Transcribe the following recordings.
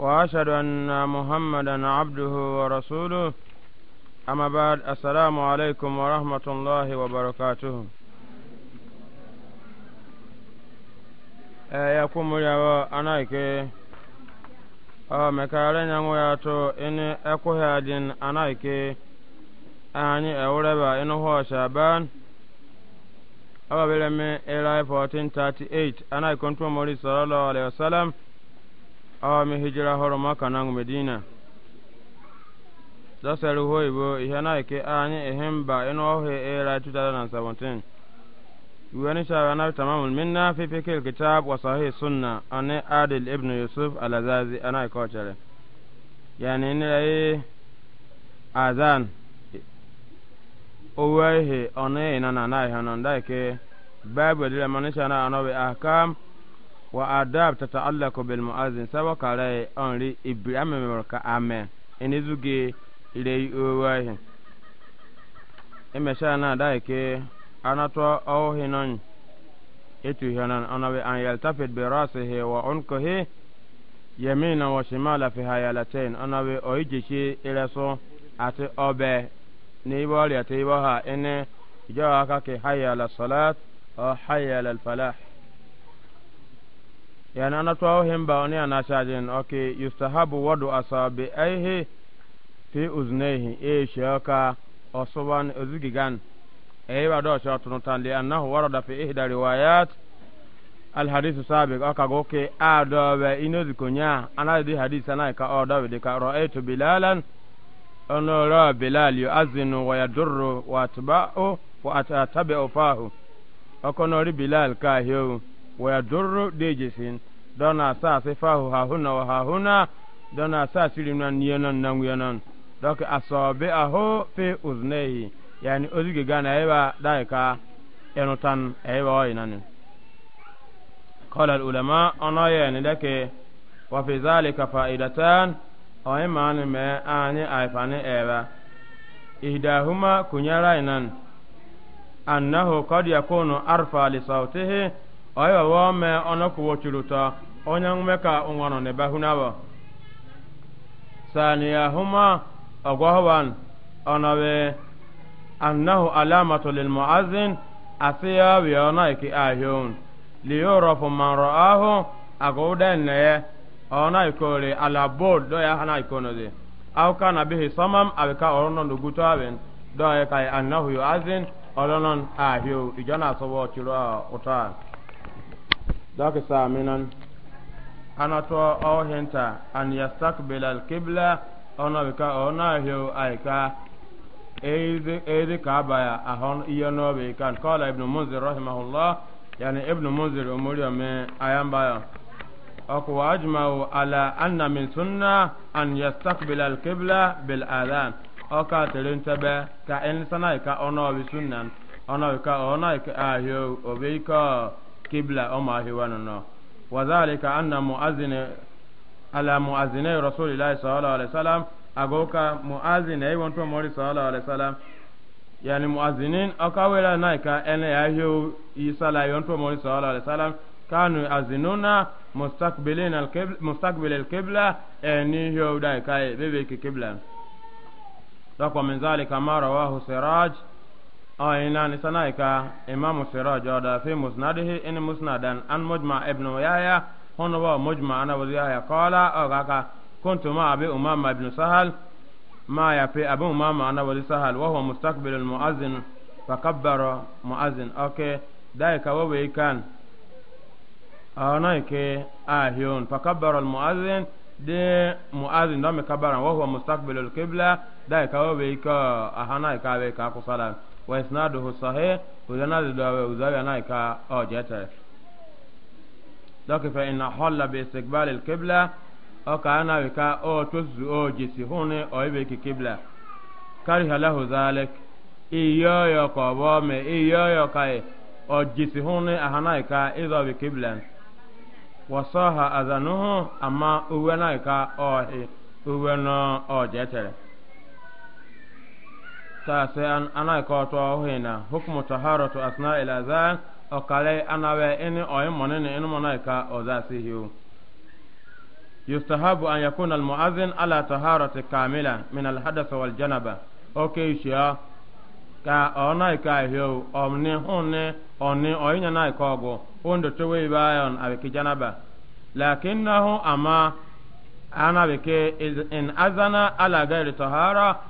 وأشهد أن محمدا عبده ورسوله أما بعد السلام عليكم ورحمة الله وبركاته ya kumulyawo anaike o mekare nyangu ya to ini ekwuhi adin anaike anyị ewureba ịnụhụ shaban ababiremi ilai 1438 anaike ntumori sallallahu alaihi wasallam awa mi hijira horo maka na medina da sari ho ibo ihe na ike anyi ihe mba ịnụ ọhụụ era 2017 iwe ni shara na tamamul minna fi fikil kitab wa sahih sunna ani adil ibn yusuf alazazi ana ike ọchere yani ni rai e, azan owe ihe ọnụ ihe na na ihe nọ nda ike bible dịrị manisha na anọbi ahkam wa adab tata'allaqu bil mu'azzin sawa kare onri ibrahim merka amen enizuge ile owahi emesha na dai ke anato ohinon etu hanan anawe an yaltafit bi rasihi wa unqihi yamina wa shimala fi hayalatain anawe oijishi ileso ati obe ni ibori ati iboha ene ijo ke hayya salat o hayya ala falah yani anatoa hemba oni anashajin okay yustahabu wadu asabi aihe fi uznehi e shaka osoban ozigigan e wa do shatun tan li annahu warada fi ihda riwayat al hadith sabiq aka goke adobe inozi konya anadi hadith ana ka odobe de ka ra'aytu bilalan onora bilal yu'azinu wa yadurru wa atba'u wa atabi'u fahu okonori bilal ka hewu ويضر ديجسين دون أساس فاهو ها هنا وها هنا دون أساس لنا نينا نوينا دوك أصابعه في أذنيه يعني أذيك كان أيبا دايكا إنوتان أيبا وينان قال العلماء أنا يعني لك وفي ذلك فائدتان أهما ما أني أيفاني أيبا إحداهما كنيرا إنان أنه قد يكون أرفع لصوته oyiba wo me ono ku wo chuluta onye me ka ungwano ne bahuna bo saniya huma ogwahoban ono be annahu alamatu lil muazzin asiya bi ona ki ahyun li yurafu man ra'ahu agoden ne ona ikore ala bod do ya hana ikono de aw kana bihi samam aw ka oronon do gutaben do ya kai annahu yuazzin oronon ahyu ijana sobo chiro uta dɔki saa minan ana tɔ ɔɔ hinta an yastakbila alkibla ɔna ona ka ɔna hew ay ka eidi eidi kaaba ya ahon iya no bi kan qala ibnu munzir rahimahullah yani ibnu munzir umuri me ayan baya ako wa ajma'u ala anna min sunna an yastakbila alqibla bil adhan aka tirin tabe ka in sana ka ono bi sunnan ono ka ono ka ayo obika kibla o ma hiwa nono wa zalika anna muazin ala muazinai rasulillahi sallallahu alaihi wasallam agoka muazin ay wonto mori sallallahu alaihi wasallam yani muazinin akawela naika ene ya hiyo isala yonto mori sallallahu alaihi wasallam kanu azinuna mustaqbilin alqibla mustaqbil alqibla yani hiyo dai kai bebe ki qibla takwa min zalika ma rawahu siraj ina ni sana ka imam siraj da fi musnadihi in musnadan an mujma ibn yahya hono wa mujma ana wa yahya qala aga ka kuntu ma abi umama ibn sahal ma ya fi abi umama ana wa sahal wa huwa mustaqbil al muazzin fa kabbara muazzin okay dai ka wa we kan ana ke ahyun fa kabbara al muazzin de muazzin da me kabbara wa huwa mustaqbil al qibla dai ka wa we ka ahana ka we ka kusala وإسناده صحيح وزنا وزاوية نايكا أو جتر دوك فإن حل باستقبال القبلة أو كان وكا أو تزو أو جسيهون أو يبكي قبلة كره له ذلك إيو يوكا بومي إيو يوكا أو جسيهون أهنايكا إذا بقبلة وصاها أذنه أما أوينايكا أو أوينا أو جتر taase an ana ko to hoina hukmu taharatu asna ila azan o kale ana we ini o imone ni inu mona ka o za si hiu yustahabu an yakuna al muazzin ala taharati kamila min al wal janaba o ke ka ona ka hiu omni hunne oni o inya na ko go ondo to we bayon abe ki janaba lakinnahu ama ana in azana ala ghairi tahara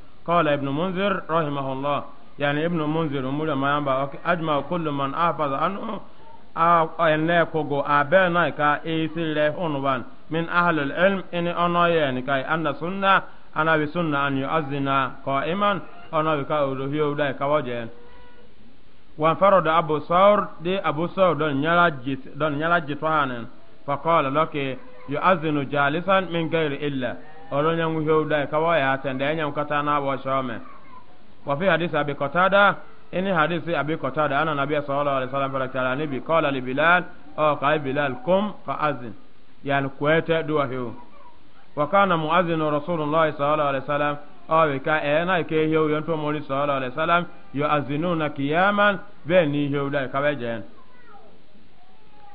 قال ابن منذر رحمه الله يعني ابن منذر ومولا ما ينبع أجمع كل من أحفظ عنه أن لا يكوغو أبانا كا إيسي لهونوان من أهل العلم إن أنا يعني كاي أن سنة أنا بسنة أن يؤذن قائما أنا بكا أولوهيو داي كواجين وانفرد أبو ثور دي أبو ثور دون نيالا جيت دون نيالا جيتوانن فقال لك يؤذن جالسا من غير إلا ولن ينهو داي كوايا تندين يمكتانا وشومه وفي حديث أبي قتادة إن حديث أبي قتادة أن النبي صلى الله عليه وسلم فلك على نبي قال لبلال أو قال بلال قم فأذن يعني كويت دوهيو وكان مؤذن رسول الله صلى الله عليه وسلم أو كا أنا كيهيو ينتو مولي صلى الله عليه وسلم يؤذنون قياما بينيهيو داي كواجين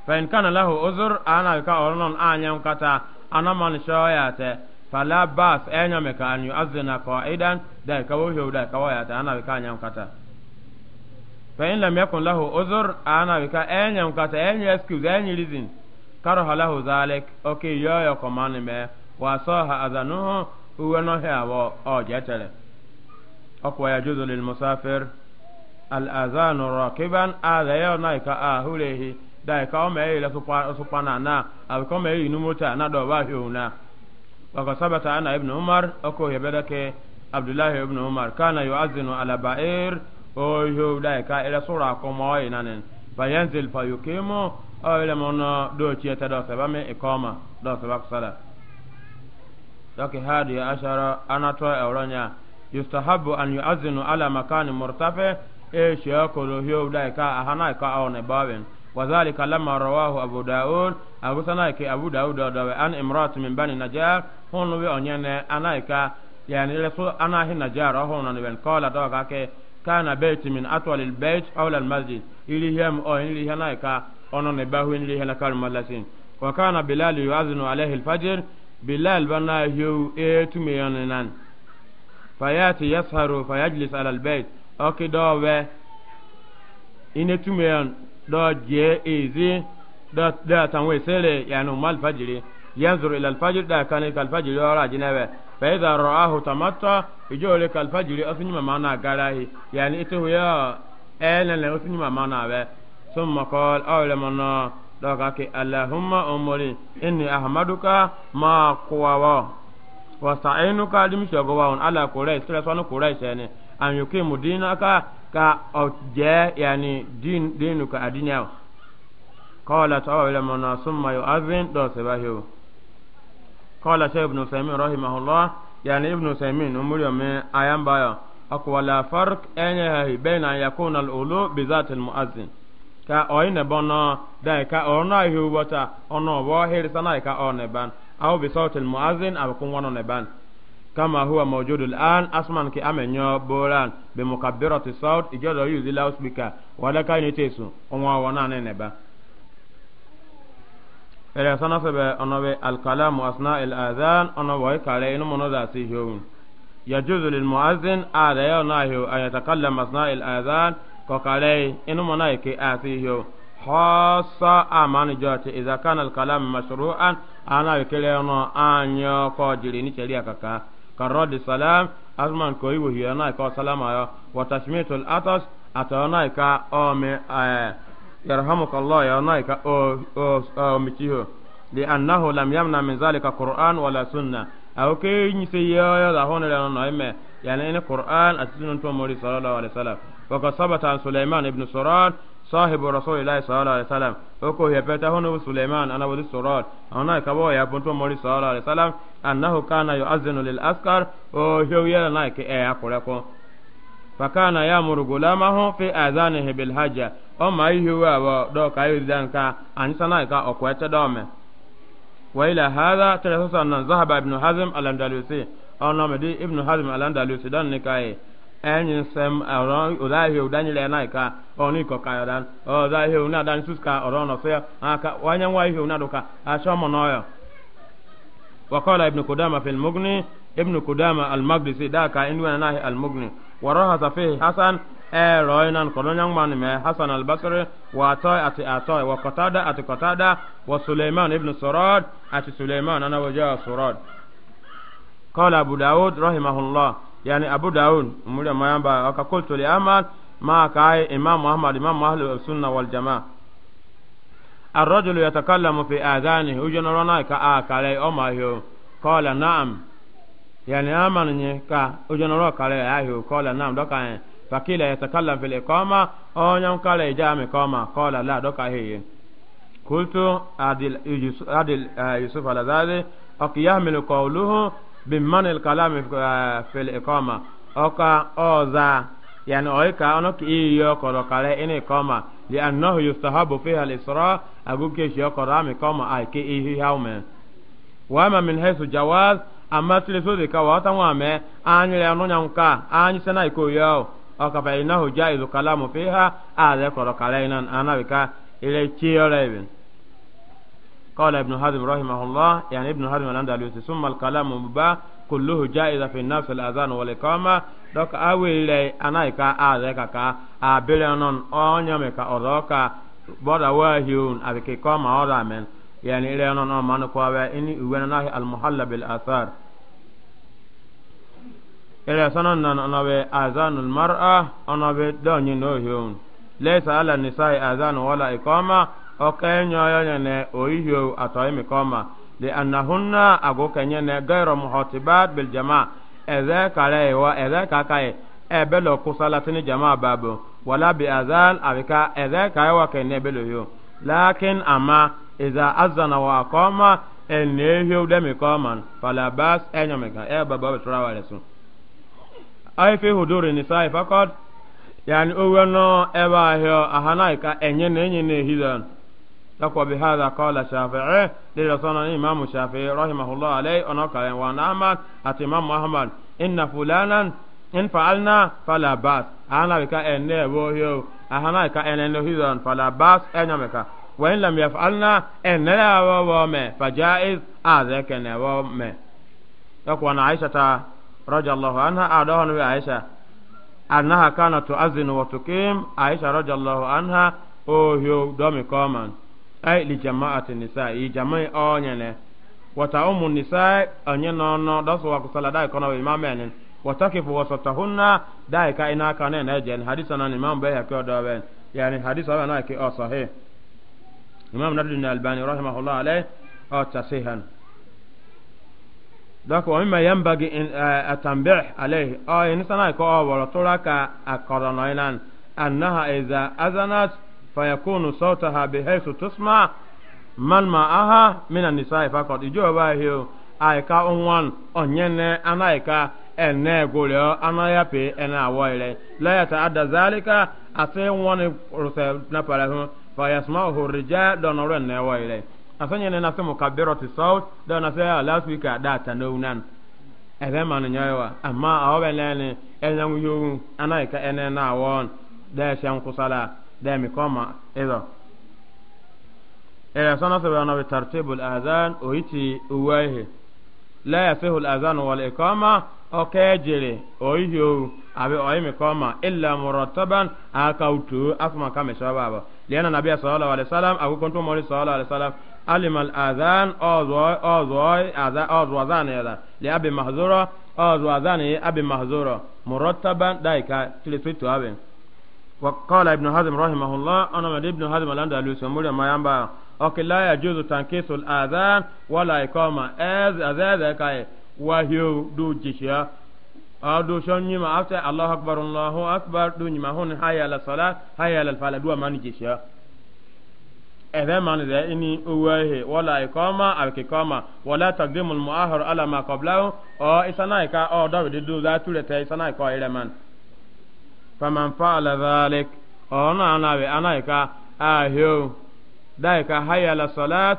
فإن كان له أذر أنا كأرنون أن يمكتا أنا من شوياته fala bas enya me ka anyu azna qaidan da ka wo da ka waya ta ana ka anya kata fa in lam yakun lahu uzur ana ka enya kata enya excuse enya reason karo halahu zalik okay yo yo ko man me wa saha adhanuhu huwa no he awo o jetele lil musafir al adhanu rakiban adha yo ka ahulehi da ka o me ile na abi me inu mota na do ba una وقد ثبت أن ابن عمر أكو يبدك عبد الله ابن عمر كان يؤذن على بئر ويهو ذلك إلى سورة كموين فينزل فيقيم أو إلى من دوتي تدو سبام إقامة دو سباب صلاة هذه أشارة أنا توي أورانيا يستحب أن يؤذن على مكان مرتفع إيش يأكل يهو ذلك أهنا إقاء بابين. وذلك لما رواه أبو داود أبو سنايك أبو داود عن امرأة من بني نجار هون وي أنين أنايكا يعني لسو أنا هي نجار هون أنين قال دوغاك كان بيت من أطول البيت أو المسجد إلي هم أو إلي هنايكا أنون باهو إلي هناكا المدلسين وكان بلال يؤذن عليه الفجر بلال بنا يو إيتم يننان فياتي يسهر فيجلس على البيت أوكي إن إنتم do je ezi da da tan we sele yani mal fajiri yanzur ila al fajr da kan al fajr yo ra jinabe fa idha ra'ahu tamatta ijo le al fajr asni ma mana garahi yani ito ya ela le asni ma mana be summa qal awla manna da ka ke allahumma umri inni ahmaduka ma wa sa'inuka dim shogo wa ala quraish sura sanu quraish ne an yuqimu dinaka ka o jɛ yani din dinu ka adinya qala ta wala mana summa yu'adhin do sabahu qala shaykh ibn sami rahimahullah yani ibn sami umuri me ayan baya akwa la farq anya hi baina yakuna al-ulu bi zati al-mu'adhdhin ka oyne bono dai ka ona hi wata ono wo hir sana ka one ban aw bi sawti al-mu'adhdhin aw kun wono ne ban kama huwa mawjudul an asman ke amenyo boran be mukabbirati saut ijodo yuzi loudspeaker wala ka ni tesu onwa wana ne neba ele sana sebe onobe al kalamu asna al adhan ono wa kale inu mono da si hewun yajuzu lil muazzin ala ya nahu an yatakallam asna al adhan ko kale inu mono ke asi hew khassa amani jote idha kana al kalam mashru'an ana kele ono anyo ko jiri ni sheria kaka karrodi salam asman koyi wo hiyo na ka salama yo wa tashmitul atas atona ka o me eh, yarhamukallah ya na ka o o mitiho li annahu lam yamna min zalika qur'an wala sunna aw ke ni se yo da hono le no ime yani ni qur'an asunun to mori sallallahu alaihi wasallam wa qad sabata an ibn surat sahibu rasulillahi sallallahu alaihi wasallam oko ya peta hono Suleiman ana wadi surat ana kabo ya ponto mori sallallahu alaihi wasallam annahu kana yu'azzinu lil askar o hiya na ke e akure ko fakana ya muru gulamahu fi azanihi bil hajja o ma yi huwa wa do ka yi dan ka an sana ka okwete do me wa ila hadha tarasasan zahaba ibn hazm al-andalusi ona medi ibn hazm al-andalusi dan ne kai enyin sem aron ulahi udani le na ka oni ko ka dan o da he una dan suska oron of ya aka wanyan wa he una do asho mo no yo wa qala ibn qudama fil mughni ibn qudama al maqdisi da ka in wa na al mughni wa rahata fi hasan e roinan ko nyan man me hasan al basri wa ati atoy wa ati qatada wa sulaiman ibn surad ati sulaiman ana waja surad qala abu daud rahimahullah yani abu daud muri mayamba aka qultu li amal ma kai imam muhammad imam ahlus sunna wal jamaa الرجل يتكلم في آذانه وجنرنا كآك علي أمه قال نعم يعني أمني كا وجنرنا كالي أهو قال نعم دوكا فكيل يتكلم في الإقامة أو نعم كالي جامع إقامة قال لا دوكا هي قلت عدل يوسف على ذلك أك يحمل قوله bimani kalami fil ikoma oka oza yani oika onok iyo koro kale ini koma li annahu yustahabu fiha al-isra aguke shi koro ami koma aike ihi haume wa ma min haythu jawaz amma tiliso de ka wata wa me anyi le anonya nka anyi sena iko yo oka fa inahu jaizu kalamu fiha ale koro kale inan anabika ile chiyore ibn قال ابن حزم رحمه الله يعني ابن حزم الاندلسي ثم الكلام مبا كله جائز في النفس الاذان والاقامه دوك اويل انا كا اذكا كا ابلنون اونيمكا اوروكا بودا واهيون ابيكي كما اورامن يعني الينون امان كوا اني وينا المحل بالاثار إلى سنن أنبي أذان المرأة أنبي دوني نوهيون ليس على النساء أذان ولا إقامة okenyoyonyene oihio atoimikoma liannahunna agokenyene gairo muhotibat biljama eze kaleiwa eze kakai ebelo kusalatini jama babu wala biazal abika eze kaiwa kene belohio lakin ama iza azana wa akoma enehio demikoman falabas enyomika ebaba biturawalesu aifi huduri nisai fakod yani owono ebe ahio ahanaika enye na enye na ehidan لقوا بهذا قال الشافعي لرسول الإمام الشافعي رحمه الله عليه ونقل وأن أحمد أتمام أحمد إن فلانا إن فعلنا فلا بأس أنا بك أن يبوهيو أنا بك أن ينهيزون فلا بأس أن يمكا وإن لم يفعلنا أن لا ووامي فجائز أذك نوامي يقول عائشة رضي الله عنها أعدوها نبي عائشة أنها كانت تؤذن وتقيم عائشة رضي الله عنها أوهيو دومي كومان ay li jama'ati nisa i jama'i onyene wata umu nisa onye no no dasu wa kusala dai kono wi mamen watakifu wasatahunna dai ka ina kana na ejen hadisa na imam bai hakio dawen yani hadisa na ki o sahih imam nadrun albani rahimahullah alayh o tasihan dako wa mimma yanbaghi in eh, atanbih alayhi o insana ko o wala tulaka akoronoinan annaha iza azanat fayakunu sautaha bihaisu tusma man ma'aha mina nisa'i faqat ijo ba hiyo aika onwan onyene anaika ene gole anaya pe ene awoire la ya ta'adda zalika ase won ruse na pala hu fayasma'u rijal donore ne awoire asanye ne nasimu kabirati saut dona se last week data no nan ebe man nyawa amma awobelene enyanwu yowu anaika ene na awon da shan kusala dami koma ezo ila sana sabe ana bitartibu al-adhan oiti uwaihi la yasihu al-adhan wal iqama o kejere oihi o abi oimi koma illa murattaban akautu asma kama shababa liana nabiy sallallahu alaihi wasallam abu kuntu mawli sallallahu alaihi wasallam علم الأذان أوزوي أوزوي أوزو أذان هذا لأبي مهزورة أوزو أذان أبي مهزورة مرتبا دايكا تلسويتو أبي وقال ابن حزم رحمه الله انا من ابن حزم الاندلس مريم ما ينبع اوكي لا يجوز تنكيس الاذان ولا اقامه اذ اذا كاي وهيو دو جشيا ادو ما افتى الله اكبر الله اكبر دو نيما هون حي على الصلاه حي على الفلاح دو ما نجشيا اذا ما نذا اني اوه ولا اقامه او اقامه ولا تقدم المؤخر على ما قبله او اسنايكا او دو دو ذاتو لتي اسنايكا ايرمان faman fa'ala dhalik ona ana be ana ka ahyo dai ka hayya salat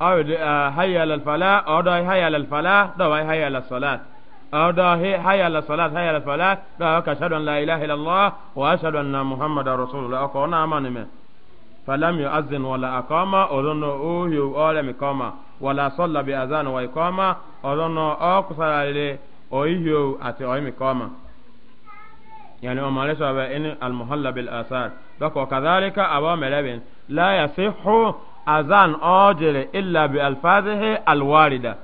aw hayya la fala aw dai hayya la fala da wai hayya la salat aw da hayya la salat hayya la fala da ka shadu an la ilaha illallah wa ashhadu anna muhammadar rasulullah ko ona amane me falam yu'azzin wala aqama odono ohyo ole mi kama wala salla bi azan wa iqama odono o kusarale oihyo ati oimi kama yani o male sabe in al muhalla bil asar dako kadhalika aba melebin la yasihu azan ojere illa bi alfazihi al warida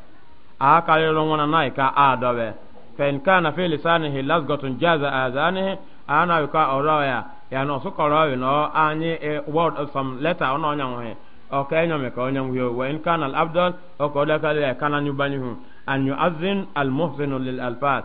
akale rongona nai ka adobe fa in kana fi lisanihi lazgatun jaza azanihi ana ka oraya yani o sukoro no anyi word of some letter ono nyanwe o ka enyo me ka onyanwe wa in kana al abdal o ko dakale kana nyubani hu an yu'azzin al muhsinu lil alfaz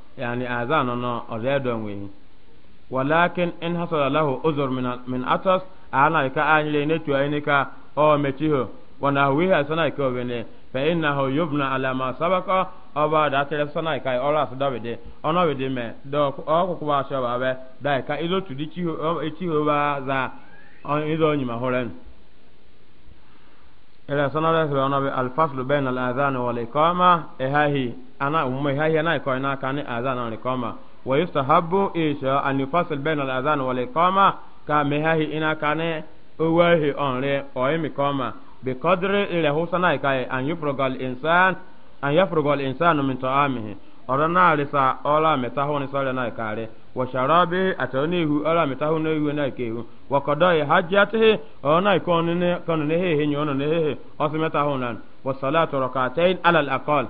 yani azan no odedon wi walakin in hasala lahu uzur min min atas ana ka anile ne tu ayne ka o metiho wana wi hasana ka wene fa innahu yubna ala ma sabaqa aba da tere sana ka ọrụ su dawide ono wide me do o ko ba so ba be dai ka ilo tu di on ila sana da sura nabi al faslu bain al adhan wal iqama ehahi ana umma ehahi ana ko ina kan adhan wal iqama wa yustahabbu isha an yufasil bain al adhan wal iqama ka mehahi ina kan owahi onre o imi koma bi qadri ila husana kai an yufrugal insan an yafrugal insanu min ta'amihi orana risa ola metahoni sala na kare wa sharabi atanihu ala mitahu na iwe na kehu wa qadai hajjatihi ona ikon ne kon ne he he nyono ne he osimeta hunan wa salatu rakatain ala al aqal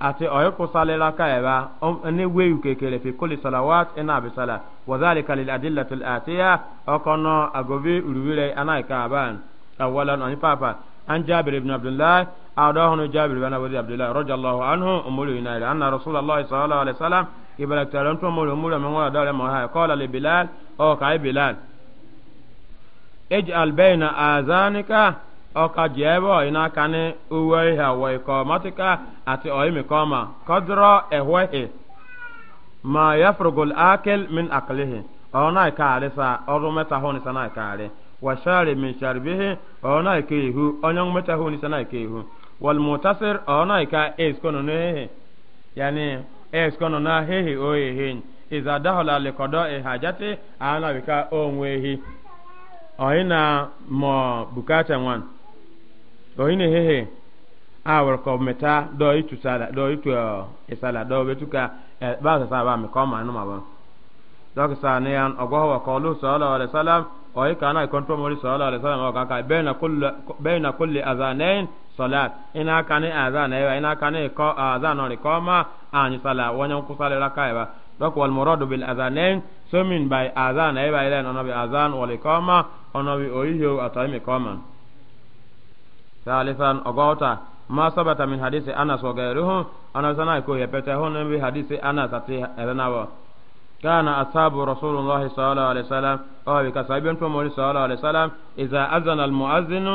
ati oyo ko salela ka eba ne weyu kekele fi kulli salawat ina bi sala wa dhalika lil atiya okono agobi uruwire anaika aban awalan ani papa an jabir ibn abdullah adahu jabir ibn abdullah radiyallahu anhu umulu ina anna rasulullah sallallahu alaihi wasallam ibara tare ntɔ mɔri omura mi ŋɔra dɔre mɔha kɔla le bilal ɔ ka ye bilal eji albɛyina azanika ɔ ka jɛbɔ ina kani uwe ha wɔ ikɔ matika ati ɔyi mi kɔma kɔdɔrɔ ɛwɛhi ma yafurugul akil min akilihi ɔ na ikaari sa ɔdun mɛta hɔn sa na ikaari wa shari min sharibihi ɔ na ikeyihu ɔnyɔn mɛta hɔn sa na ikeyihu walmutasir ɔ na ika eis kɔnɔ ne yani eskono na hehi oyehin iza dahola likodo ihajati ana wika onwehi oina mo bukata wan oina hehe awar ko meta do itu sala do itu isala eh, do betuka eh, ba sa sa ba mi ko ma no ma ba dok sa ne an ogwa wa qulu sallallahu alaihi wasallam oika na kontrol mori sallallahu alaihi wasallam o ka ka baina kulli baina kulli salat ina kane azan ewa ina kane ko azan ori koma an sala wanya ku sala raka ewa dok wal muradu bil azanain so min by azan ewa ile no bi azan wal koma ono bi oyo atami koma ثالثا أقوتا ما ثبت من حديث أنس وغيره أنا سنا يكو يبتهون من حديث أنس أتي أبناوا كان أصحاب رسول الله صلى الله عليه وسلم أو بكسابين فمولي صلى الله عليه وسلم إذا أذن المؤذن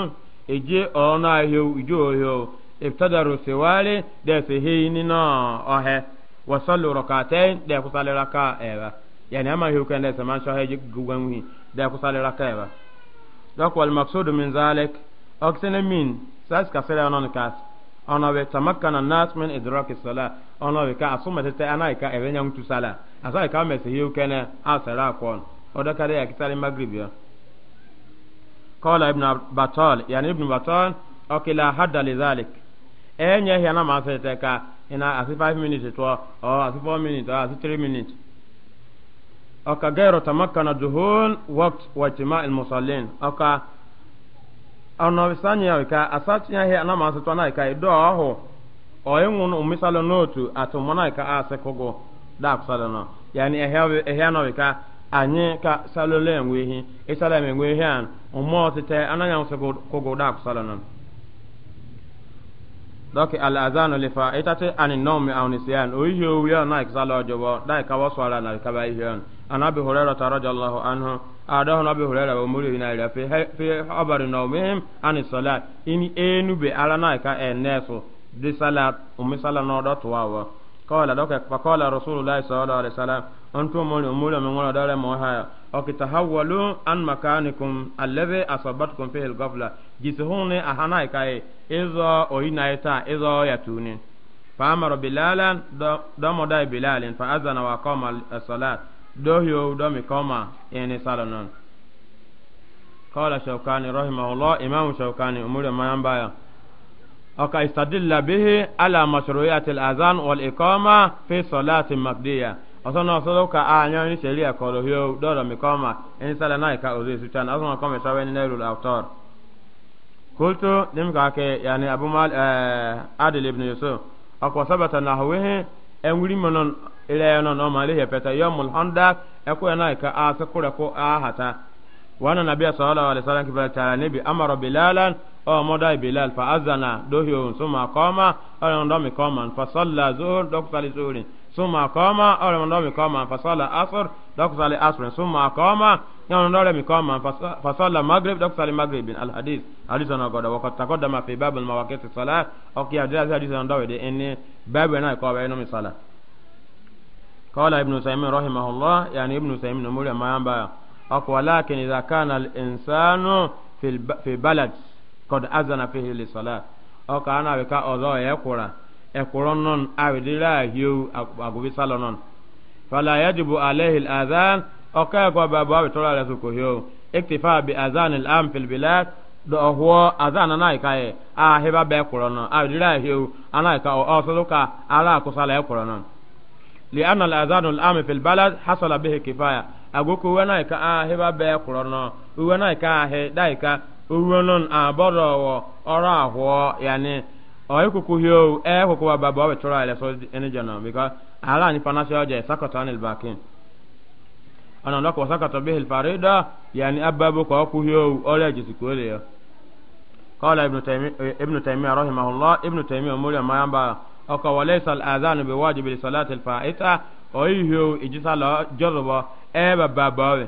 eje ọna ahịa ijo ohio ibtadaru siwari da su heyi nina ọhẹ wasallu rakatain da kusali raka ẹba yani ama hiu kan da saman shahe gugan wi da kusali raka ẹba dok wal maqsud min zalik oksene min sas kasere onon kas ona be tamakkana nas min idrak as-sala ona be ka asuma tete ana ka ebe nyang tu sala asa ka mesi hiu kan asara kon odakare ya kitali magribiya قال ابن بطال يعني ابن بطال أوكي لا حد لذلك أين هي أنا ما سيتكا هنا أسي 5 minutes تو أو أسي 4 minutes أو أسي 3 minutes أوكا غير تمكن الدخول وقت واجتماع المصلين أوكا أنا بسانيا وكا أساتيا هي أنا ما سيتوانا كا إدو أهو أو يمون أمثال نوتو أتمنى كا أسكوغو داك سالنا يعني إهيا إهيا نوكا anyị ka salolo enwe ihe ịsala e enwe ihe a ụmụ ọtịta anaghị anwụsị kụgụda akwụsala nọ dɔki alazanu lifa itati e ani nɔmi awnisiyan o ihe owi ɔn na na ihe ɔn ana bi hurera ta rɔja allahu anhu na bi hurera bɛ na na na قال لك فقال رسول الله صلى الله عليه وسلم أنتم مولي أمولي من ولا دار موها أكتحولوا عن مكانكم الذي أصابتكم فيه الغفلة جسهون أهناي كاي إذا أهينا يتا إذا يتوني فأمر بلالا دم داي بلال فأذن وقام الصلاة دوهيو دم قام يعني صلى قال شوكاني رحمه الله إمام شوكاني أمولي ما ينبايا aka istadilla bihi ala mashru'iyati al-adhan wal iqama fi salati maqdiya osono solo ka anya ni sheria koro hiyo doro mikoma en sala na ka ozi sutan azono kome sawe ni nailul autor kultu nim ka ke yani abu mal eh, adil ibn yusuf akwa sabata nahwihi en wuri monon ile no no mali he peta yomul honda eko na ka asakura ko ahata wana nabiyya sallallahu alaihi wasallam kibala tala nabi amara bilalan o moda bilal fa azana dohyo suma koma o ndo mi koma fa salla zuhur dok sali zuhur suma koma o ndo mi koma fa salla asr dok sali asr suma koma o ndo mi koma fa salla maghrib dok sali maghrib al hadith hadith na goda wa qad taqaddama fi bab al mawaqit as salat o ki hadith hadith ndo de en bab na ko be no mi sala قال ابن سيمين رحمه الله يعني ابن سيمين مولى ما ينبغي أقوى لكن إذا كان الإنسان في, الب... في بلد kod azana fihi li salat o ka ana be ka odo e kura e kuron non awidira hiu agubi salo non fala yajibu alayhi al adhan o ka ko baba be tola la ko hiu iktifa bi adhan al am fil bilad do ohwo adhan na ka e a heba لأن الأذان العام في البلد حصل به كفاية أقول كوانا إكا آه هبا بيكورونا وانا إكا آه دايكا uronon aborowo oro ahwo yani oikuku hiyo e kukuwa baba obe tura ile so ene jana because ala ni panasi oje sakata anil bakin ana ndako wasakata bihi alfarida yani ababu kwa ku hiyo ole jisikwele ya qala ibn taymiyyah ibn taymiyyah rahimahullah ibn taymiyyah mulya mayamba aka walaysa al-adhan wajib li salati al-fa'ita o oyiyo ijisala jorba e baba obe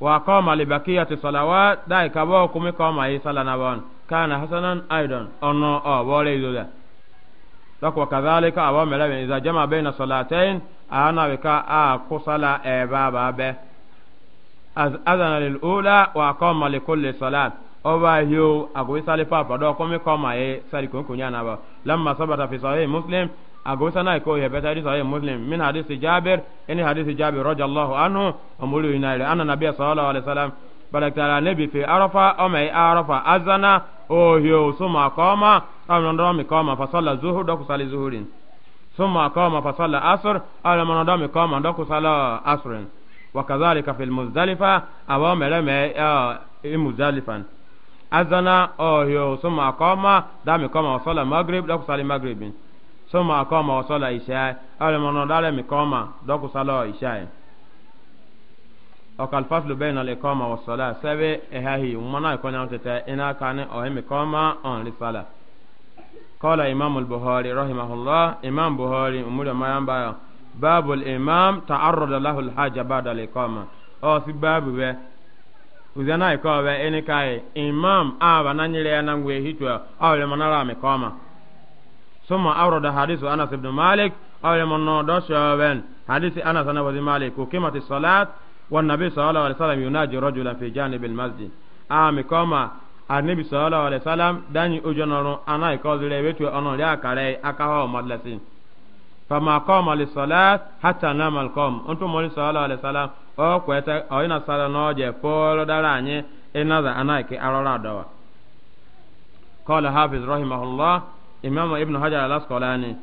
wa qama li baqiyati salawat dai ka bo kumi qama yi salana bon kana hasanan aidan ono o bole idoda dok wa kadhalika awa melabe iza jama baina salatain ana bika a kusala e baba be az adana lil ula wa qama li kulli salat oba hiyo agobi sale papa do kumi qama yi e, sali kun kunya na ba muslim agosana ko ya beta hadis sahih muslim min hadis jabir ini hadis jabir radhiyallahu anhu amulu inaire anna nabiy sallallahu alaihi wasallam balaktara nabi fi arafa o mai arafa azana o hiyo suma koma amnondo mi koma fa salla zuhur do kusali zuhurin suma koma fa salla asr ala monondo mi koma do kusala asrin wa kadhalika fil muzdalifa awa mele me uh, muzdalifan azana o hiyo suma koma da mi koma fa salla maghrib do kusali maghribin soma akoma wasola ishae ale monodale mikoma doku sala ishae okal faslu baina al ikoma was sala sabe ehahi umana ikona mtete ina kane ohe mikoma on li sala qala imam al buhari rahimahullah imam buhari umuri mayamba babu al imam ta'arrada lahu al haja ba'da al ikoma o si babu be uzana ikobe ene kai imam aba nanyele na ngwe hitwa awle monala mikoma ثم أورد حديث أنس بن مالك أو يمنو دوشوبن حديث أنس بن مالك وكمت الصلاة والنبي صلى الله عليه وسلم يناجي رجلا في جانب المسجد آمي كما النبي صلى الله عليه وسلم داني أجنر أنا يكوز ليبتو أنا ليا كاري أكاهو مدلسين فما قام للصلاة حتى نام القوم أنتم مولي صلى الله عليه وسلم أو كويتا أو إن صلى نوجي فولو داراني إن هذا أنا يكي أرورا دوا قال حافظ رحمه الله imam ibn hajar al-asqalani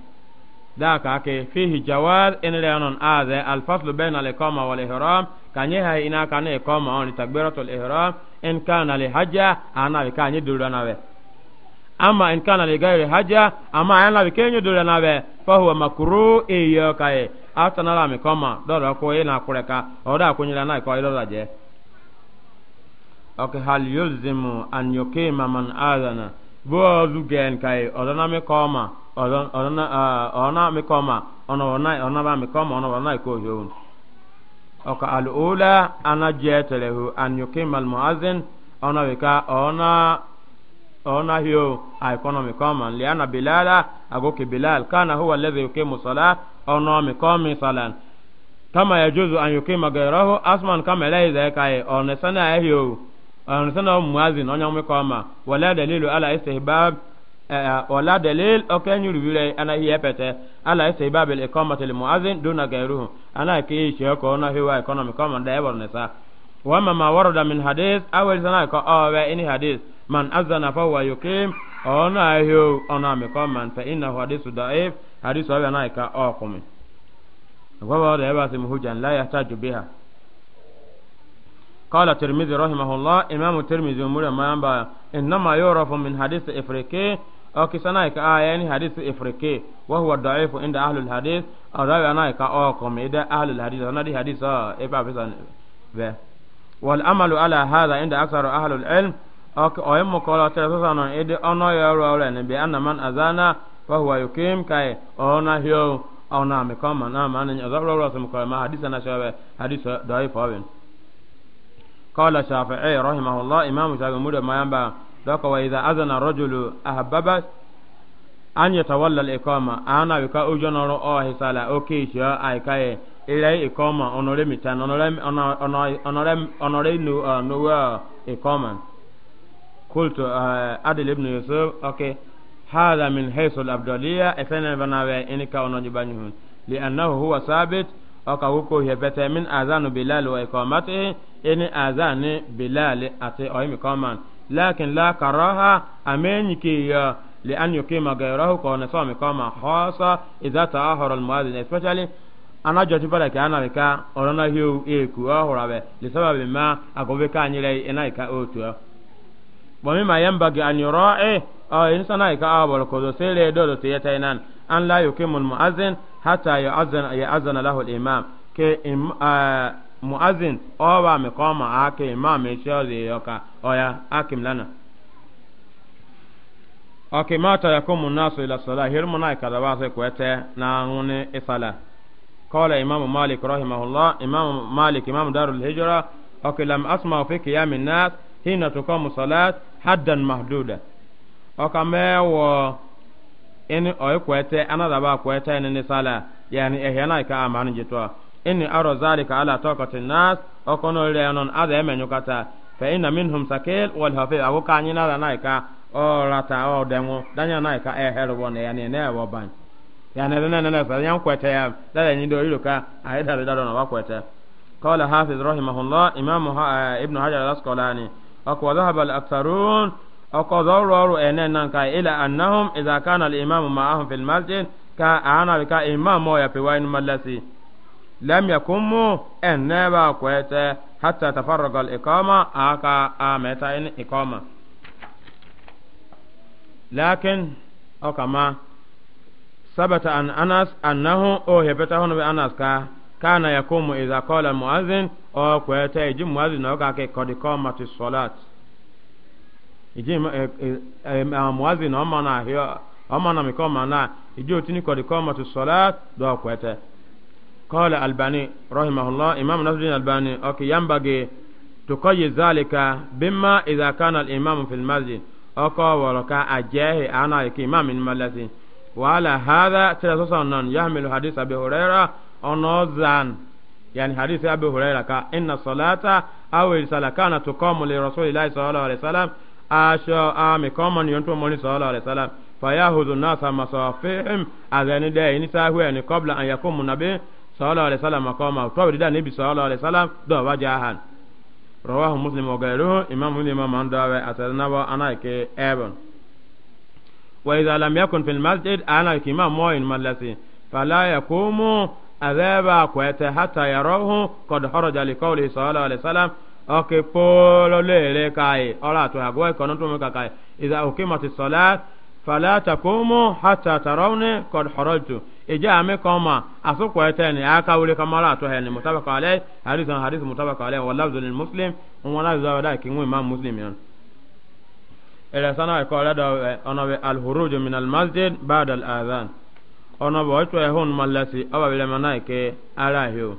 da ka ke fihi jawaz in ranan aza al-fasl bayna al-iqama wal ihram kan yaha ina kan iqama on takbiratul ihram in kana li hajja ana ka ni durana we amma in kana li gairi hajja amma ana ke ni durana we fa huwa makru e atana la mi koma do ro ko ina kureka o da kunyira na ko ilo je okay hal yulzimu an yukima man adana bọ́ọ̀lù gẹ̀ẹ́n kàyé ọ̀dọ́nà mi kọ́ ma ọ̀nà mi ona ma ọ̀nà ọ̀nà ọ̀nà ona mi kọ́ ma ọ̀nà ọ̀nà ìkó òṣèlú. ọ̀ka àlùhùlà anájẹ́ tẹ̀lẹ̀hù ànyùkí malmuhazin ọ̀nà wíkà ọ̀nà ọ̀nà hìó àìkọ́nà mi kọ́ ma lẹ́yìn àná bilala àgókè bilal kánà hùwà lẹ́zẹ̀ òkè mùsọ̀lá ọ̀nà mi kọ́ mi sàlàn. kama yajuzu an yukima gairahu asman kama lai zai kai onne sana hiyo ọ̀rùnsánà eh, muazin onye ọmọ ikọ̀ ọma wọlé dalilu ala istihbab eh, eh, wọlá dalil ọkẹ́yìn rubire anaghị epete ala istihbab ikọmatili muazin duna gairuhu anaghị ihe iṣẹ́ ọkọ̀ ọ̀nà hiwa ikọnọmi kọma da ẹbọrọ nisa wa ma ma warada min hadis awel sana ko awe oh, ini hadis man azana fa wa yuqim ona ayo ona oh, mi قال ترمذي رحمه الله إمام ترمذي مرة ما ينبع إنما يعرف من حديث إفريقي أو كسنايك آه يعني حديث إفريقي وهو ضعيف عند أهل الحديث أو راوي أنايك أو قم إذا أهل الحديث أنا دي حديث إبا آه، إيه بسان والأمل على هذا عند أكثر أهل العلم أو أهم قولة تلسسنا إذا أنا يرى أولين بأن من أذانا فهو يقيم كي أنا هيو أو نامي كما نامي أنا أذكر رأسي ما حديثنا شابه حديث ضعيف أوين قال شافعي رحمه الله إمام شافعي مولى ما ينبع ذاك وإذا أذن الرجل أهبب أن يتولى الإقامة أنا بك أجنر أوه سالة أوكي شاء أي كاي إلي إقامة أنوري ميتان أنوري أنوري أنوري نو آه، نو إقامة قلت آه، أدل ابن يوسف أوكي هذا من حيث الأبدالية إثنين بناوي إنك ونجبانيهن لأنه هو ثابت أو كوكو هي بتأمين أذان بلال وإقامته ini azani bilali ati oyimi koman lakin la karaha amenyi ki ya li an yukima gairahu ko ne somi koman hosa idza ta'ahara al muadhin especially ana joti bala ke ana ka orona hiu eku ahura be li sababi ma agobe ka anyire ina ka otu bomi ma yamba gi an yura'i e, a insana ka abol ko do sele do do tiyatainan an la yukimul muadhin hatta ya azana lahu al imam ke im, uh, muazin owa me koma ake imam ishozi yoka oya akim lana oke mata yakumu nasu ila sala hirmu na ikadaba se kwete na ngune isala qala imam malik rahimahullah imam malik imam darul hijra oke lam asma fi qiyam nas hina tuqamu salat haddan mahduda oka mewo ini oyi kwete anadaba kwete ni sala yani ehyana ka amanu jitwa inni aro zalika ala taqati nas okono leonon ada emenyu kata fa inna minhum sakil wal hafi awu kanyi na da naika o rata o demu danya naika e heru wona yani ne wo ban yani ne ne ne fa yan kwete ya da ni do iruka ayi da da don wa kwete qala hafiz rahimahullah imam eh, ibn hajar al-asqalani akwa dhahaba al-aktharun akwa dawru enen eh, nan ka ila annahum idha kana al-imam ma'ahum fil masjid ka ana ka imam mo ya pe in mallasi lam yakun mu en ne ba kwete hatta tafarraga al iqama aka ameta in iqama lakin o kama ثبت عن أنس أنه أوهبته بأنس كا كان يقوم إذا قال المؤذن أو كويتا يجي مؤذن أو كاكي قد قامت الصلاة يجي مؤذن أمنا هي أمنا مكومنا يجي أتني قد قامت الصلاة دو كويتا قال الباني رحمه الله إمام نصر الدين الباني أوكي ينبغي تقيد ذلك بما إذا كان الإمام في المسجد أوكا ولكا أجاه أنا إمام الملسي وعلى هذا تلسوسا يحمل حديث أبي هريرة أنوزان يعني حديث أبي هريرة كا إن الصلاة أو الرسالة كانت تقام لرسول الله صلى الله عليه وسلم أشو آمي كومن ينتم صلى الله عليه وسلم فيأخذ الناس مصافيهم أذن دي نساهوين قبل أن يقوم النبي sallallahu alaihi wasallam maqama tawri da nabi sallallahu alaihi wasallam do wajahan rawahu muslim wa ghayruhu imam muslim man dawa atarna wa ana ke ebon wa idha lam yakun fil masjid ana ke imam moyin mallasi fala yakumu adhaba kwete hata yarahu qad kharaja li qawli sallallahu alaihi wasallam oke polo lele kai ola to agwa kono to me kakai idha uqimatis salat fala takumu hatta tarawni qad kharajtu eja ame koma aso ko etene aka wure kamara ato hene mutabaka alai hadith an hadith mutabaka alai wallahu dhul muslim wa la zawa da ki ngwe imam muslim yan ila sana ko la da eh, onawe al huruj min al masjid ba'da al adhan onawe oto e hon malasi aba bile manai ke ara hiyo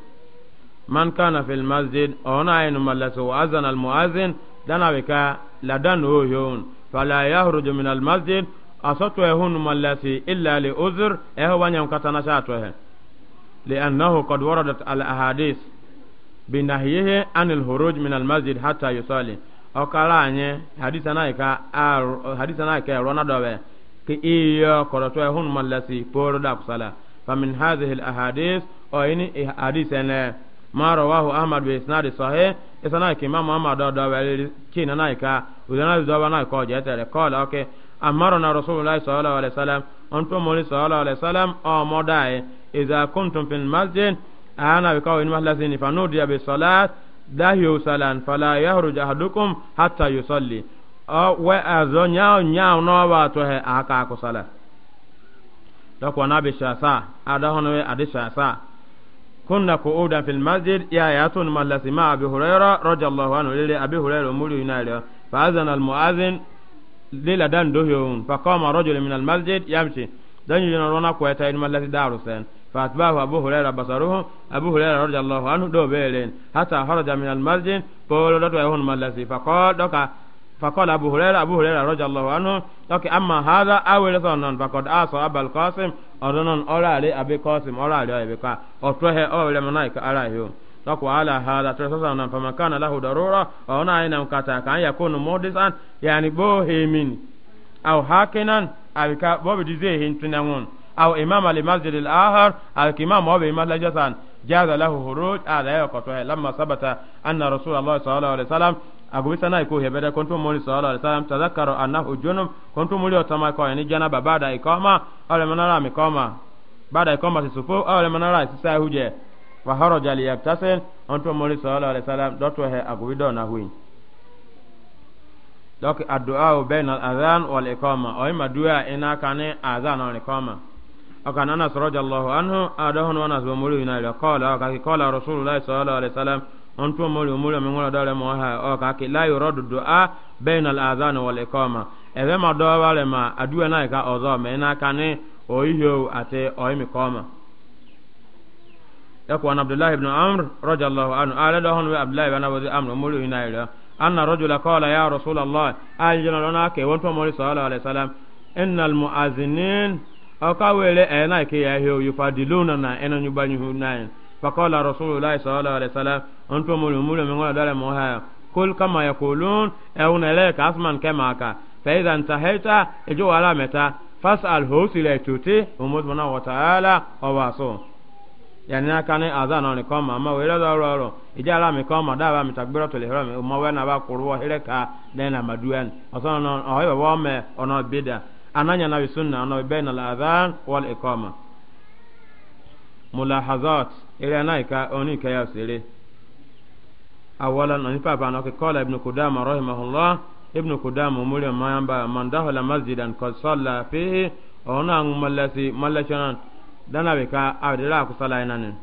man kana fil masjid ona ayinu malasi wa azana al muazin dana weka ladan ho yon fala yahruju min al masjid asoto ehun mallasi illa li uzr eho wanyam katana shato he لأنه قد وردت الأحاديث بنهيه عن الخروج من المسجد حتى يصلي أو كلاني حديثنا كا حديثنا كا رونا دوبه كي إيو كرتو هون ملسي بور داك صلاة فمن هذه الأحاديث أو إني حديثنا ما رواه أحمد بإسناد صحيح إسنا كي ما محمد دوبه كي نايكا وزنا دوبه نايكا جاتر قال أوكي amarona rasulillahi sallallahu alaihi wasallam on to mori sallallahu alaihi wasallam o modai idza kuntum fil masjid ana bi kawin mahlasin fa nudiya bi salat dahiyu salan fala yahruj ahadukum hatta yusalli o wa azonya nya no wa to he aka ko sala dokwa na bi shasa adahono we adishasa kunna qu'udan fil masjid ya yatun mahlasi ma abi hurayra radiyallahu anhu lili abi hurayra umuri yunari fa azana al muazin lela dan do yon fa qama rajulun min al masjid yamshi dan yuna rona ko ta ilma lati daru sen fa atbahu abu hurairah basaruhu abu hurairah radiyallahu anhu do belen hatta kharaja min al masjid polo do yon malasi fa qala doka fa qala abu hurairah abu hurairah radiyallahu anhu doka amma hadha awil sanan fa qad asa abul qasim oronon orale abi qasim orale abi ka otwe o le manaika ara yon tako ala hada to sasa na fama kana lahu darura ona aina mkata kan yakunu mudisan yani bo hemin au hakinan al ka bo bidize hintunamun au imam al masjid al ahar al kimam wa bi maslajasan jaza lahu huruj ala yaqatu lamma sabata anna rasulullah sallallahu alaihi wasallam agubisana iko hebede kontu muli sallallahu alaihi wasallam tadhakkaru annahu junub kontu muli otama ko ni jana baada ikoma ale manara mikoma baada ikoma sisufu ale manara sisa huje faharaja liyaktasil onto mori sallallahu alaihi wasallam doto he agwido na huin donc addu'a bayna al-adhan wal iqama o ima du'a ina kane adhan wal iqama akan anas radiyallahu anhu adahun wa nasu mori ina ila qala ka ki qala rasulullah sallallahu alaihi wasallam onto mori mori mi ngora dare mo ha o ka ki la yuradu du'a bayna al-adhan wal iqama ebe ma do wale ma addu'a na ka ozo me ina kane o iyo ate o imi qama yako an abdullah ibn amr radiyallahu anhu ala da hon abdullah ibn abu amr mulu ina ila anna rajula qala ya rasul allah ajina lana ke won to mori sallallahu alaihi wasallam innal muazinin akawele ena eh, ke ya he yufadiluna na ena nyubanyu hunain faqala rasulullah sallallahu alaihi wasallam antum mulu mulu min wala dala moha kul kama yaqulun auna e laka asman kama ka fa idha intahaita ijo e ala meta fas'al husi la tuti umudna wa ta'ala awaso yani na kane azan on koma ama we la ro ro ijala mi koma da ba mi takbira to lehra mi mo we na ba kurwa hele ka na na maduan oso no o he wa me ono bida ananya na sunna ono baina al azan wal iqama mulahazat ila naika oni ka ya sele awalan oni papa no ke kola ibn kudama rahimahullah ibn kudama mulya mayamba man dahala masjidan qad salla fihi ona ngmalasi malachanan dana be ka awdira ku sala inanin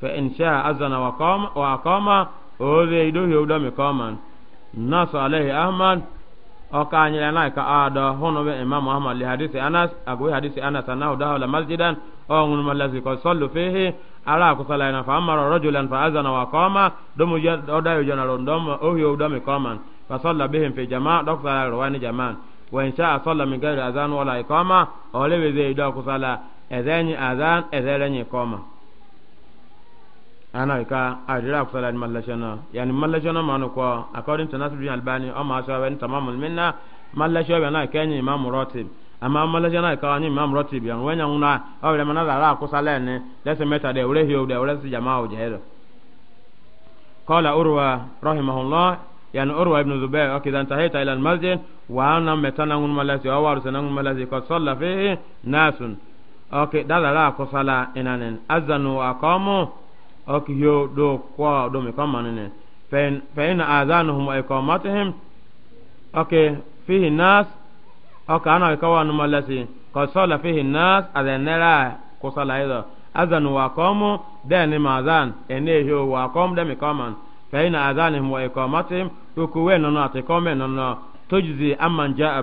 fa in sha azana wa qama wa qama o be ido he udo mi qama nasu alaihi ahmad o ka anyira na ka ado hono be imam ahmad li hadisi anas ago hadisi anas ana udahu la masjidan o ngun malazi ko sallu fihi ala ku sala ina fa amara rajulan fa azana wa qama domu ya oda yo jana rondom o he udo mi qama fa salla bihim fi jamaa dokta rawani jamaa wa in sha salla min ghairi azan wala iqama o le be ze ido ku ezenyi azan ezelenyi koma ana ka ajira kusala ni mallashana yani mallashana manu ko according to nasruddin albani o ma sawa ni tamamul minna mallashana na kenyi imam rotib amma mallashana ka ni imam rotib yan wanya una o le mana la kusala ni lesa meta de ure hiyo de ure si jamaa o jehero qala urwa rahimahullah yani urwa ibn zubair okay dan tahita ila al masjid wa ana metana ngun malasi o waru sanan ngun malasi ko salla fihi nasun ok dalala la ko sala azanu wa ok yo do kwa do mi kama nene fen fen azanuhum wa iqamatuhum ok fihi nas ok ana ka wa no malasi ko fihi nas adanara ko sala ido azanu wa qamu dani mazan ene yo wa qam da mi kama fen azanuhum wa iqamatuhum to ku we no na te kome no no tojzi amman jaa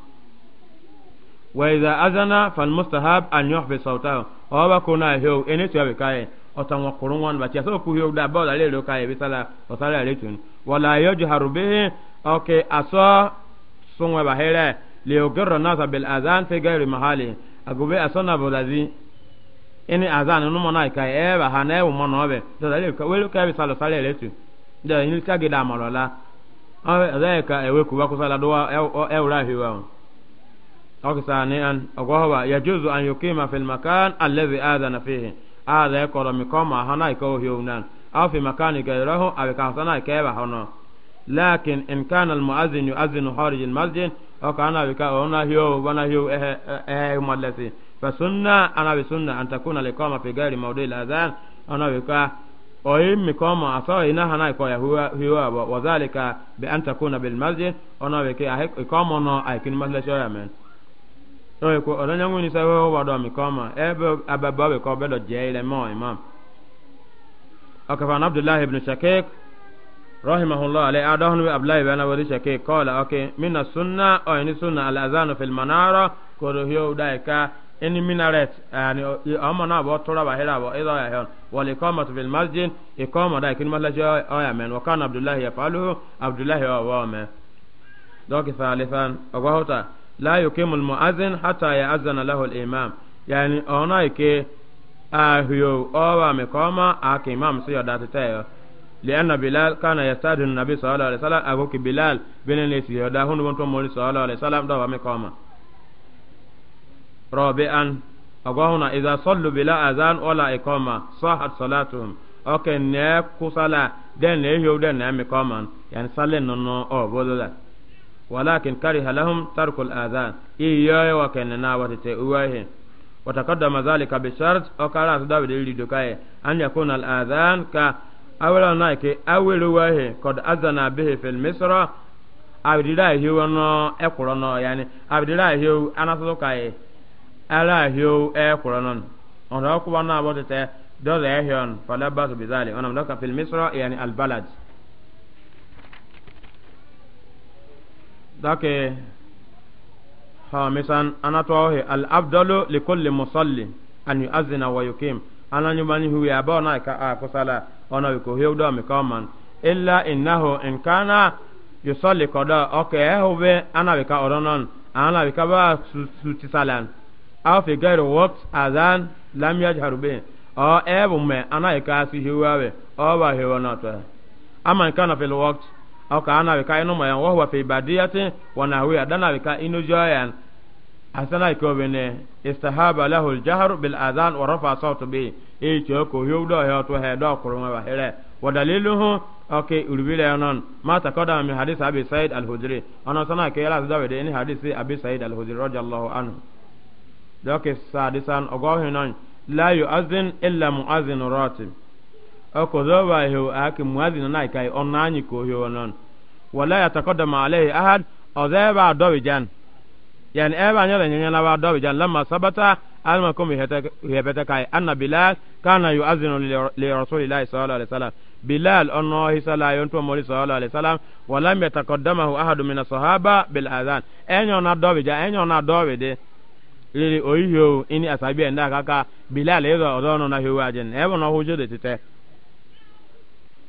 وإذا أذن فالمستحب أن يخفي صوته وهو كنا هيو إني تيابي كاي أتنوا قرون باتي أسوء كهيو دابا ولا ليلو كاي بسالة وصالة عليتون ولا يجهر به أوكي أسوء سنوى بحيرة ليقر الناس بالأذان في غير محالي أقوبي أسوء نبولازي إني أذان نمو ناي كاي إيبا هاني ومنو بي تسالي ويلو كاي بسالة صالة عليتون ده إني كاي دامر ولا أوه ذلك ويكو باكو صالة دوا أو أو راهي واو أكسانيا أقوهوا يجوز أن يقيم في المكان الذي آذن فيه هذا يقول مكوما هنا يكو هيونان أو في مكان غيره أو كانسانا يكيبا هنا لكن إن كان المؤذن يؤذن خارج المسجد أو كان يكا هنا هيو وانا هيو إيه إيه مالسي فسنة أنا بسنة أن تكون الإقامة في غير موضوع الأذان أنا بكا أوين مكوما أصاو إنا هنا يكو يهو هيو وذلك بأن تكون بالمسجد أنا بكي أهيك إقامة أنا أهيك المسجد شو sɔɔ ko ɔlɔ nyɛ ŋun sɛ wo wa dɔ mi kɔ ma ɛ bɛ ababɔ bi kɔ bɛ dɔ jɛ lɛ mɔ imam ɔkafan abdullahi ibn shakik rahimahullah ale adɔhun bi abdullahi ibn abdi shakik kɔɔla ɔke mina sunna ɔyɛ oh, ni sunna ala azanu fil manara koro hiyo da ka ɛni minaret ani ɔmɔ naa bɔ tora ba hira bɔ ɛdɔ yɛ hɛn wɔli kɔma tu fil masjid ikɔma da ikini masalasi ɔyɛ mɛn wakan abdullahi yɛ faluhu abdullahi ɔwɔ mɛn dɔki saalisan ɔgɔhota la yuqimu almu'adhin hatta ya'zana lahu al-imam yani ona ke ahiyo owa mekoma ake imam siyo dateteyo لأن بلال كان يستأذن النبي صلى الله عليه وسلم أبوك بلال بن ليس يهدا هون بنتو مولى صلى الله عليه وسلم دوا مقامة رابعا أقوهنا إذا صلوا بلا أذان ولا إقامة صحت صلاتهم أوكي نيكو صلاة دين ليهو دين نعم إقامة يعني صلي نونو أو بوذو walakin kariha lahum tarkul adhan iyoyo wa kenna watete uwahe wataqaddama dhalika bi shart o kala to dawde lido kae an yakuna al adhan ka awela naike awelu wahe qad azana bihi fil misra abdila hiwo no ekuro no yani abdila hiwo anaso kae ala hiwo ekuro no on ra ko na watete dole ehion falabas bi dhalik onam laka fil misra yani al balad dake hamisan anatohe al abdalu li kulli musalli an yu'azzina wa yuqim anani mani huwa na ka a sala, ona ko hewdo mi kaman illa innahu in kana yusalli qada okay huwa ana ka oronon ana ka ba suti salan aw fi gairu waqt adhan lam yajharu bi o ebu me ana ka si huwa o ba hewa na to amma kana fil waqt aw ka ana bika inu mayan wa huwa fi badiyatin wa nahwiya dana bika inu joyan asana ko bene istahaba lahu al-jahru bil adhan wa rafa sawtu bi e cho ko yewdo he to he do kurma wa hele wa daliluhu okay ulubile non ma takoda min hadith abi sa'id al-hudri ana sana ke yala zawe de ni hadith abi sa'id al-hudri radiyallahu anhu doke sadisan ogohinon la yu'azin illa mu'azin ratib أكذوبا هو أك مؤذن نايكاي أناني كو هو نون ولا يتقدم عليه أحد أذيبا دوي جان يعني أبا نيلا نيلا با دوي جان لما ثبت ألما كم هيبتكاي أن بلال كان يؤذن لرسول الله صلى الله عليه وسلم بلال أنه هسلا ينتو مولي صلى الله عليه وسلم ولم يتقدمه أحد من الصحابة بالأذان أنيو نا دوي جان أنيو نا دوي دي lili oyi hiyo ini asabi enda kaka bilal ezo ozono na hiyo ajin ebo na hujo de tete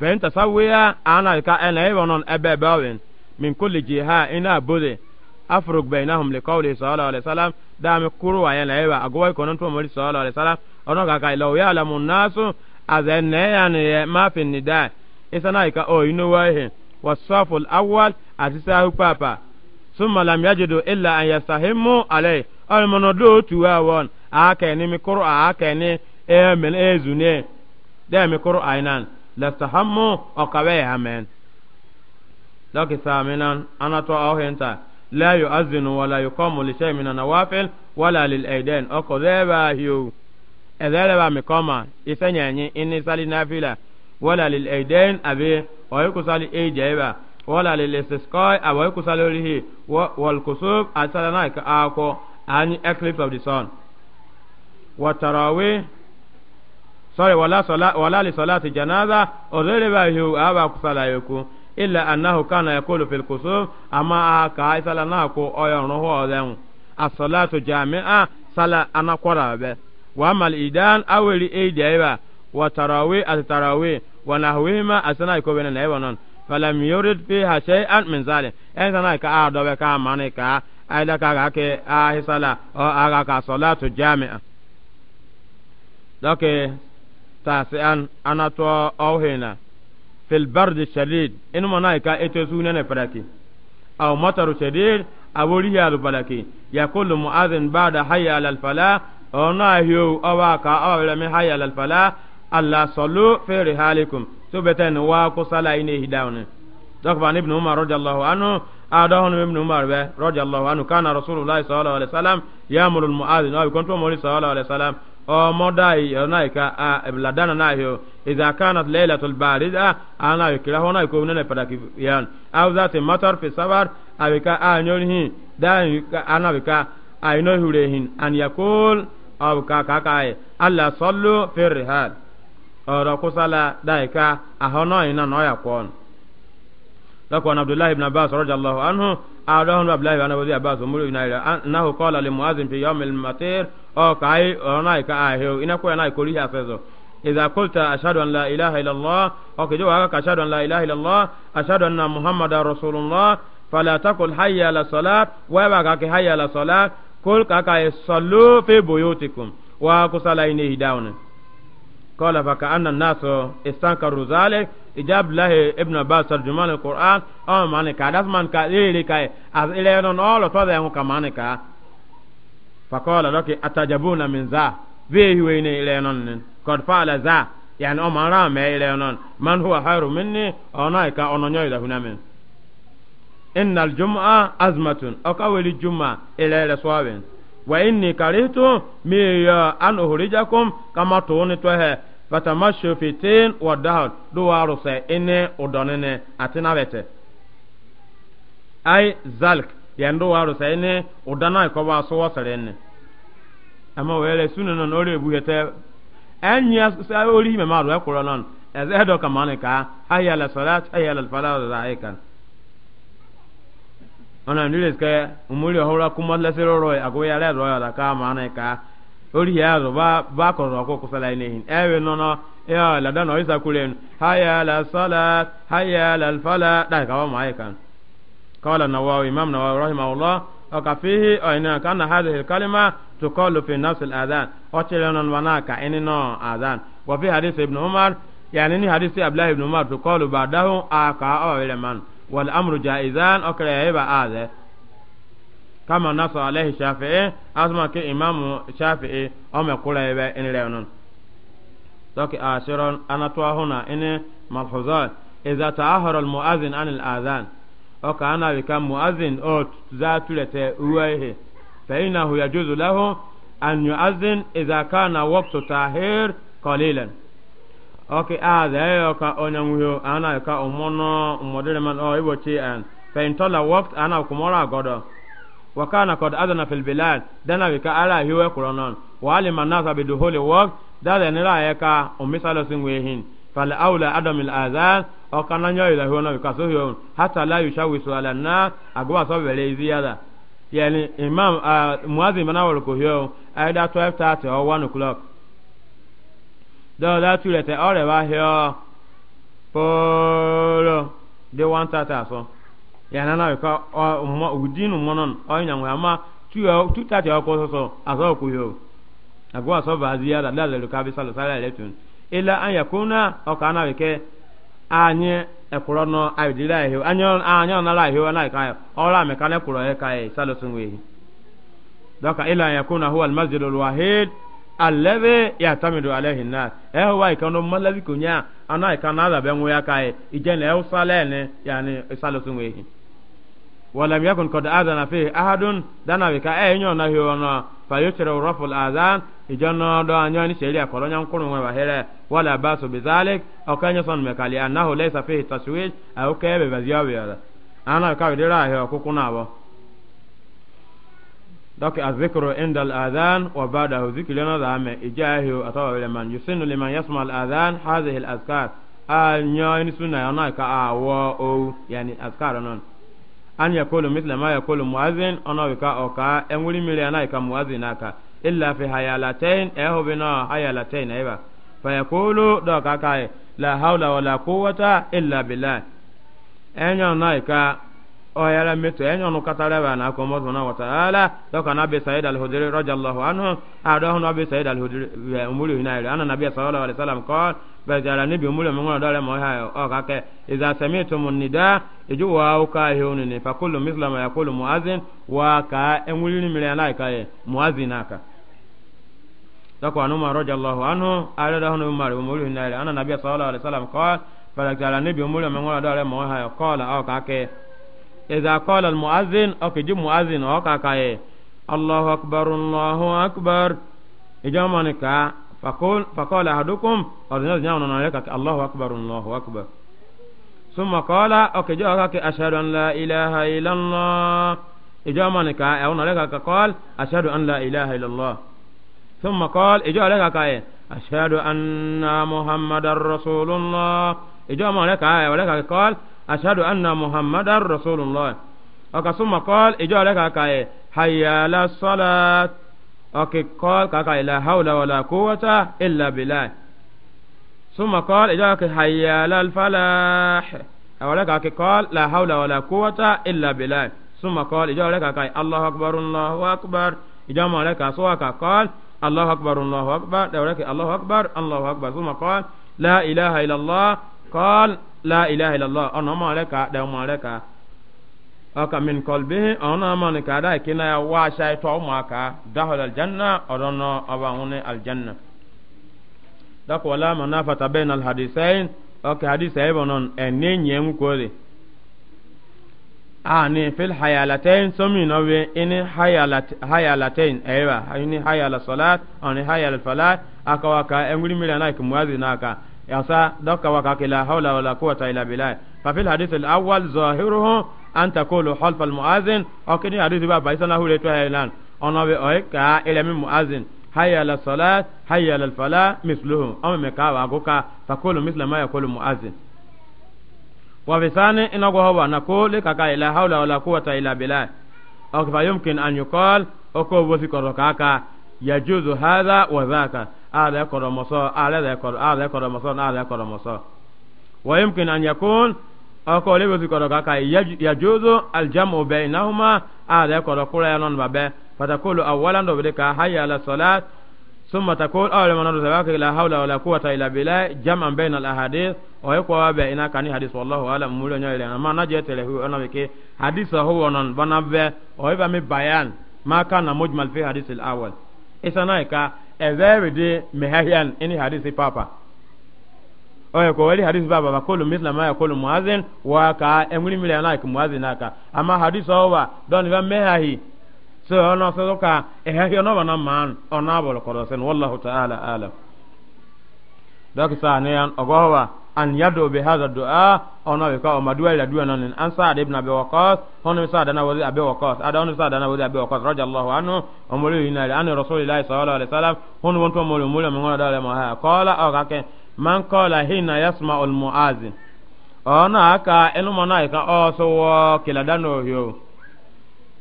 fɛnta sawiya ana ka ɛna ebe non ebe bawin min kulli jiha ina bude afruk bainahum li qawli sallallahu alaihi wasallam da mi kuru wa yana eba agwai konon to mori sallallahu alaihi wasallam ono ka kai law ya lamun nasu azanna yani ma fi nida isana ka o oh, inu wahe wasaful awwal atisahu papa summa lam yajidu illa an yastahimu alai almono do tuwa won aka ni mi kuru aka ni e eh, men ezune eh, da mi kuru ainan lastahammu okawe amen لكن سامنا أنا تو أنت لا يؤذن ولا يقام لشيء من النوافل ولا للأيدين أكو ذيبا هيو ẹ̀dẹ́rẹ́bà mi kọ́ ma ìsẹ́yìn ẹ̀yìn sali náfìlà wọ́lá lílẹ̀ ẹ̀dẹ́n àbí ọ̀yẹ́kù sali ẹ̀jẹ̀ ẹ̀bà wọ́lá lílẹ̀ sẹ́sikọ́ àbọ̀ ọ̀yẹ́kù sali oríhe wọ́lùkùsù àti sali náà ẹ̀kọ́ àkọ́ àní eclipse of the sun. wọ́tàrọ̀wé sorry wala sala wala li salati janaza odere ba hu aba kusala yoku illa annahu kana yaqulu fil kusuf ama ka isala na ko oyon ho oden as-salatu jami'a sala ana qara be wa mal idan awli aidaiba wa tarawi at tarawi wa nahwihima asana ko bena na ebanon falam yurid fiha shay'an min zalim en sana ka adobe ka manika aida ka ga ke ahisala o aga ka salatu jami'a doke تاسعا أنا تو أو هنا في البرد الشديد إنه منايكا إتسونا نفركي أو مطر شديد أو ريال بلكي يقول مؤذن بعد حي على الفلاح أو ناهيو أو واكا أو لم حي على الفلاح ألا صلوا في رحالكم سبتن واكو صلاة إنيه داون دقبان ابن عمر رضي الله عنه أدهن ابن عمر رضي الله عنه كان رسول الله صلى الله عليه وسلم يأمر المؤذن أو كنت مولي صلى الله عليه وسلم modai yonaika a ladana nayo idha kanat laylatul barida ana yukira hona ko nene pada ki yan aw zat matar fi sabar awika a nyonhi dan ana wika ayno hurehin an yakul aw ka ka kai e, alla sallu fi rihal ora kusala daika ahono ina noya kon lakon abdullah ibn abbas radiyallahu anhu أعلم عبد الله بن أبي عباس أمر أنه قال لمؤذن في يوم المطير أو كأي أرناي كأهيو إن أكو أنا كليه أسيزو إذا قلت أشهد أن لا إله إلا الله أو كجو أشهد أن لا إله إلا الله أشهد أن محمد رسول الله فلا تقل حي على الصلاة ويبقى حي على الصلاة قل كأي صلوا في بيوتكم وأكو صلاة إنه داون قال فكأن الناس استنكروا ذلك ijab lahi ibn abbas tarjuman alquran o oh, mane ka das man ka lele ka as ile non all to da ka mane ka faqala laki atajabuna min za bihi wayne ile non qad fa'ala za yani o man ra me ile non man huwa khairu minni ona ka ononyo ile hunamen inna aljum'a azmatun o ka weli jum'a ile ile swaben wa inni karihtu mi an uhrijakum kama tuuni tohe fatamashu fi wa dahad do ine udonene atina bete ai zalk yan do waruse ine udana ko so ne ama wele sunan no re buhete anya sa ori me maru e kuro non eze do ka hayya la salat hayya la falah zaika ona nile ska umuri kuma ka ka ori ya zo ba ba ko ro ko kusala inehin ewe no no ya la dano isa kulen haya la sala haya la fala da ka ma ay kan qala nawawi imam nawawi rahimahullah o ka fihi o ina kana hadhihi kalima tuqalu fi nafs al adhan o tele non wana ka enino adhan wa fi hadith ibn umar yani ni hadith abdullah ibn umar tuqalu ba'dahu aka o man wal amru jaizan o kare ba adhan kama nasa alaihi shafi'i asma ke imamu shafi'i o me kula ibe in reunon doki a shiron ana tuwa huna ini malhuzal iza ta'ahara almu'azin an al'adhan o ka ana wika mu'azin o za tulete uwaihi fa inahu yajuzu lahu an yu'azin iza kana waqtu tahir qalilan oke a da yo ka onyanwuyo ana ka umono umodere man o ibo an fa intola waqt ana kumora godo وكان قد أذن في البلاد دنا بك على هو قرآن وعلم الناس بدخول وقت دار نرى يكا ومثال سنويهن فالأولى عدم الآذان أو كان يويدا هو نبك سهيون حتى لا يشوش على الناس أقوى صبر ليزيادة يعني إمام آه مؤذن من أول كهيون أيضا 12 أو 1 o'clock dọ́ọ̀dá tulẹ̀ tẹ ọ̀rẹ́ wa hẹ́ ọ́ pọ́ọ́lọ́ dé 1 30 àsán. yana na ka udinu monon onya ngwa ma tuya tuta ta ko so aso ku yo agwa so ba ziya da ka bi sala sala letun ila an yakuna o ke anye no anyo anyo na la e, na ka ola me kuro ka e sala sunwe doka ila an yakuna huwa almasjid alwahid alladhi yatamidu wa ikano kunya ana ya ولم يكن قد آذن فيه أحد دنا بك أي نيو نهي ونا فيشرع رفع الآذان إجانا دو أنيو نشيلي أكولون ينقل وبهيرة ولا باس بذلك أو كان يصن مك لأنه ليس فيه تشويش أو كيب بزيوبي هذا أنا بك بدرا هي كوكونا بو دوك الذكر عند الآذان وبعده ذكر لنا ذهما إجاه أطوى لمن يسن لمن يسمع الآذان هذه الأذكار أنيو نسونا ينايك أعوى أو يعني أذكار نون an yakulu mithla ma yakulu muazin ona wika oka enwuri mire ana ika muazin aka illa fi hayalatain eho bina hayalatain aiba fa yakulu do kakai la hawla wala quwwata illa billah enyo na ika oyala meto enyonu kataleba na ko mo zona wa taala to kana be sayyid al hudri radiyallahu anhu ado hono be sayyid al hudri umuri hinaire ana nabiy sallallahu alaihi wasallam qol be jara ni bi umuri mengona dole mo ha o ka ke iza samitu mun nida iju wa o ka he onu ne fa kullu misla ma yaqulu muazin wa ka enwuri ni mire alai ka ye muazin aka dako anu ma radiyallahu anhu ado hono umari umuri hinaire ana nabiy sallallahu alaihi wasallam qol fa إذا قال المؤذن أوكي جي مؤذن أوكا كاي الله أكبر الله أكبر إجا مانكا فقول فقال أحدكم أرنز نعم الله أكبر الله أكبر ثم قال أوكي جي أوكا أشهد أن لا إله إلا الله إجا مانكا أون نعلك قال أشهد أن لا إله إلا الله ثم قال إجا لك كاي أشهد أن محمد رسول الله إجا مانكا لك آية قال ashadu anna muhammadan rasulullah ọka suma kọl ijọ rẹ kaka ẹ e, hayala sọlat ọkì kọl kaka ila e, haula wala kowata illa bilai suma kọl ijọ kaka hayala falah ẹwọ rẹ kaka kọl la haula wala kowata illa bilai suma kọl ijọ rẹ kaka allahu akbar allahu akbar ijọ ma rẹ ka sọ ka kọl allahu akbar allahu akbar ẹwọ rẹ ka allahu akbar allahu akbar suma kọl la ilaha illallah kọl la ilaha illallah ona ma re ka da ma re ka aka min qalbihi ona ma ne ka da kina ya wa shay to ma ka dahal al janna odono aba hune al janna dak wala manafata bain al hadithain aka hadith ay bonon enenye ngkore ani fil hayalatain somi nowe ini hayalat hayalatain aywa ini hayala salat ani hayala falat aka waka enguri mira yasa doka wakake la hawla wala quwwata illa billah fa fil hadith al awwal zahiruhu an taqulu half al muazin aw kini hadith ba ba isana hure to haylan ona be o ka ila min muazin hayya la salat hayya la fala misluhu aw me ka wa goka taqulu misla ma yaqulu muazin wa bisani inago hawa na kole kaka ila hawla wala quwwata illa billah aw fa yumkin an yuqal aw ko wosi korokaka yajuzu hadha wa dhaka ala koromoso ala yakor ala koromoso na ala koromoso wa yumkin an yakun ako lebe zikoro kaka yajuzu aljamu bainahuma ala yakor kula yanon babe fatakulu awwalan do bidika hayya ala salat ثم تقول أول ما نرد ذلك لا حول ولا قوة إلا بالله جمعا بين الأحاديث ويقوى بإنا كان حديث والله أعلم مولا نيلا ما نجت له أنا بك حديث هو نن بنبه ويبقى بيان ما كان مجمل في حديث الأول isana ka ezere de mehahian ini hadisi papa oye ko wali hadisi baba ba kulu misla ma yakulu muazin wa ka emuri mile na ki muazin aka ama hadisi owa don ba mehahi so ono so ka ehahi ono bana man ono abol korosen wallahu ta'ala alam dokisa ne an ogowa an yado bi hadha du'a ona be ka o maduwa ila du'a nan an sa'ad ibn abi waqas hono sa'ad na wazi abi waqas ada hono sa'ad na wazi abi waqas radiyallahu anhu umuli ina ila an rasulillahi sallallahu alaihi wasallam hono wonto mo lo mulo ngona dale ma qala o ka ke man qala hina yasma'u al mu'azin ona aka enu mona ka o so kila dano yo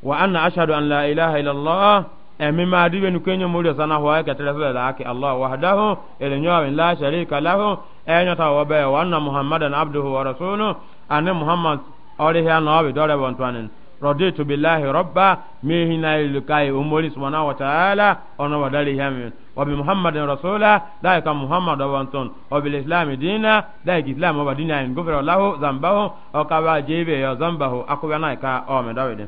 wa anna ashhadu an la ilaha illallah emima adibe nu kenyo mulio sana huwa yake telefele laki Allah wahdahu ili nyoa la sharika lahu enyo tawabe wa anna muhammadan abduhu wa rasulu ane muhammad olihi anawabi dole bontwanin raditu billahi rabba mihi na ilukai umuli subhanahu wa ta'ala ono wadali hamin wa bi muhammadin rasula daika muhammad wa anton wa bil islam dina daika islam wa dina in gufra lahu zambahu o kawa jebe ya zambahu akubana ka o medawide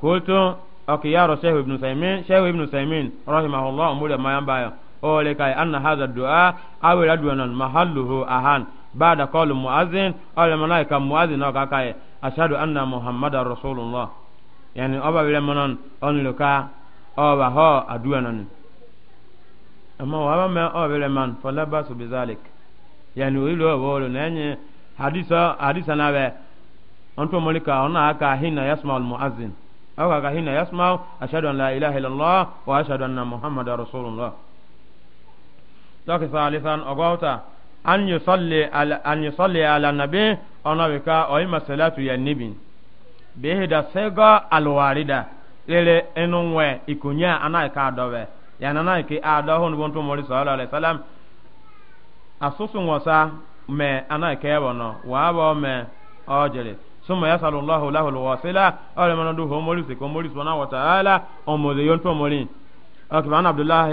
kultu أوكي يا شيخ ابن سيمين شيخ ابن سيمين رحمه الله مولا ما ينبايا أولك أن هذا الدعاء أو الأدوان محله أهان بعد قول مؤذن أو الملائكة مؤذن أو كاكاي أشهد أن محمد رسول الله يعني أبا بلا منان أن لكا أبا هو أدوانا أما وأبا ما أبا بلا من فلا بأس بذلك يعني ويلو بولو ناني حديث حديث أنا أنتم ملكا هنا أكا هنا يسمع المؤذن aw ka hina yasma ashhadu an la ilaha illallah wa ashhadu anna muhammadar rasulullah dɔki salisan ɔgɔwta an yusalli ala an yusalli ala nabi ɔnɔ bi ka ɔyi masalatu ya nibi bihi da sega alwarida lele inu wɛ ikunya ana ka dɔbɛ yana na ki a dɔ hun buntu mori sallallahu alaihi wasallam asusun wasa mɛ ana kɛ bɔnɔ waa bɔ mɛ ɔjere suma yasalu allahu lahu alwasila awle mana du homoli se ko moli subhanahu wa ta'ala on mo yon to moli akban abdullah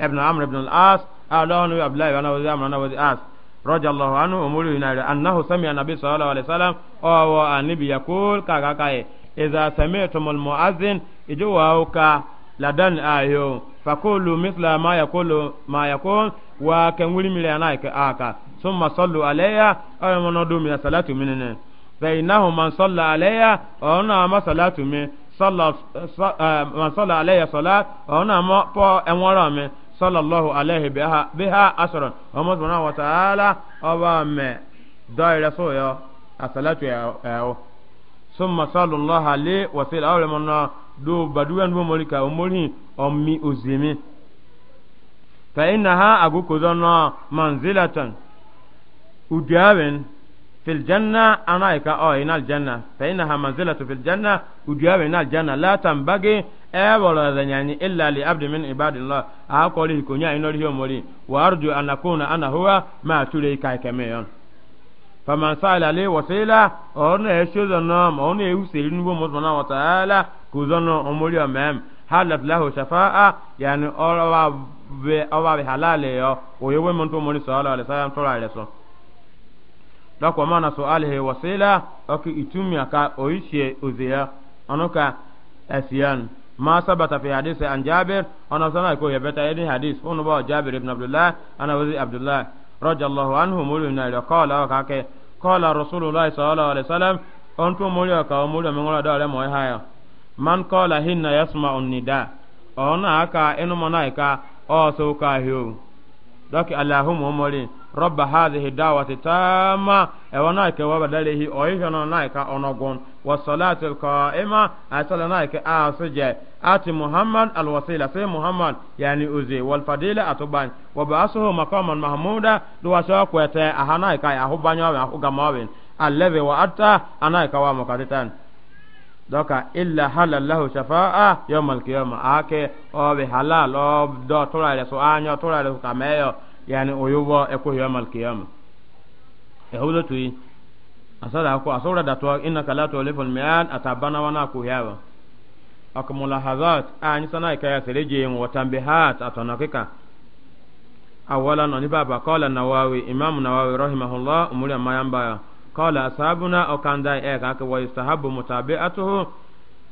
ibn amr ibn al-as alahu abdullah ibn wazi amr ibn wazi as رضي الله عنه أمولي هنا أنه سمع النبي صلى الله عليه وسلم أو النبي يقول كاكا كاي إذا سمعتم المؤذن إجوا كا لدن آيو فقولوا مثل ما يقول ما يقول وكن ولي ملي أنايك آكا ثم صلوا عليها أو منو دوم يا صلاة منين فإنه من صلى عليها أنا ما صلاة من صلى من صلى عليها صلاة أنا ما با أمورا صلى الله عليه بها بها أسرا أما سبحانه وتعالى أبا ما داير سويا الصلاة يا ثم صلى الله عليه وسيل أول من دو بدوان بمولك أمولي أمي أزيمي فإنها أقول كذا منزلة أجابن في الجنة أنا إكا أو إن الجنة فإنها منزلة في الجنة وجواب إن الجنة لا تنبغي ذن يعني إلا لعبد من عباد الله أقول لكم يا إنوري يومولي وأرجو أن أكون أنا هو ما تولي كاي فمن سأل لي وسيلة أنا أشهد النوم أنا أوسيل نبو مطمئنا وتعالى كوزنو أمولي أمام halat lahu shafa'a يعني ọrọ wa bi halali yọ oyewe mọtò mọni sọlọ dako mana su'alihi wasila oki itumia ka oishe uzia onoka asiyan ma sabata fi hadisi an jabir ona sana ko yabata yadi hadis ono ba jabir ibn abdullah ana wazi abdullah radiyallahu anhu mulina ila qala ka ke qala rasulullah sallallahu alaihi wasallam onto mulya ka mulya mengola dale moy haya man qala hinna yasma'u nida ona aka eno mona ka o so ka hiu doki allahumma mulina رب هذه الدعوة تامة ونائك وبدله أيهنا نائك أنغون والصلاة القائمة أسأل نائك آسجة آتي محمد الوسيلة سي محمد يعني أزي والفضيلة أتبان وبأسه مقاما محمودا دواشاك ويتي أهنائك أهبان يوم أهبان الذي وأتى أنائك ومكاتتان dɔka illa halalahu shafa'a yawmal qiyamah ake obi halal ob do tura resu anyo tura resu kameyo yani oyuwa eko yamal kiyama ehudo tuyi asada ko asora datwa innaka la tulifu almi'an atabana wana ku yawa akumulahazat ani sana ikaya seleje wa tambihat atanakika awalan ni baba qala nawawi imam nawawi rahimahullah umuri amayamba qala ashabuna okanda e ka ka wa yustahabu atuhu.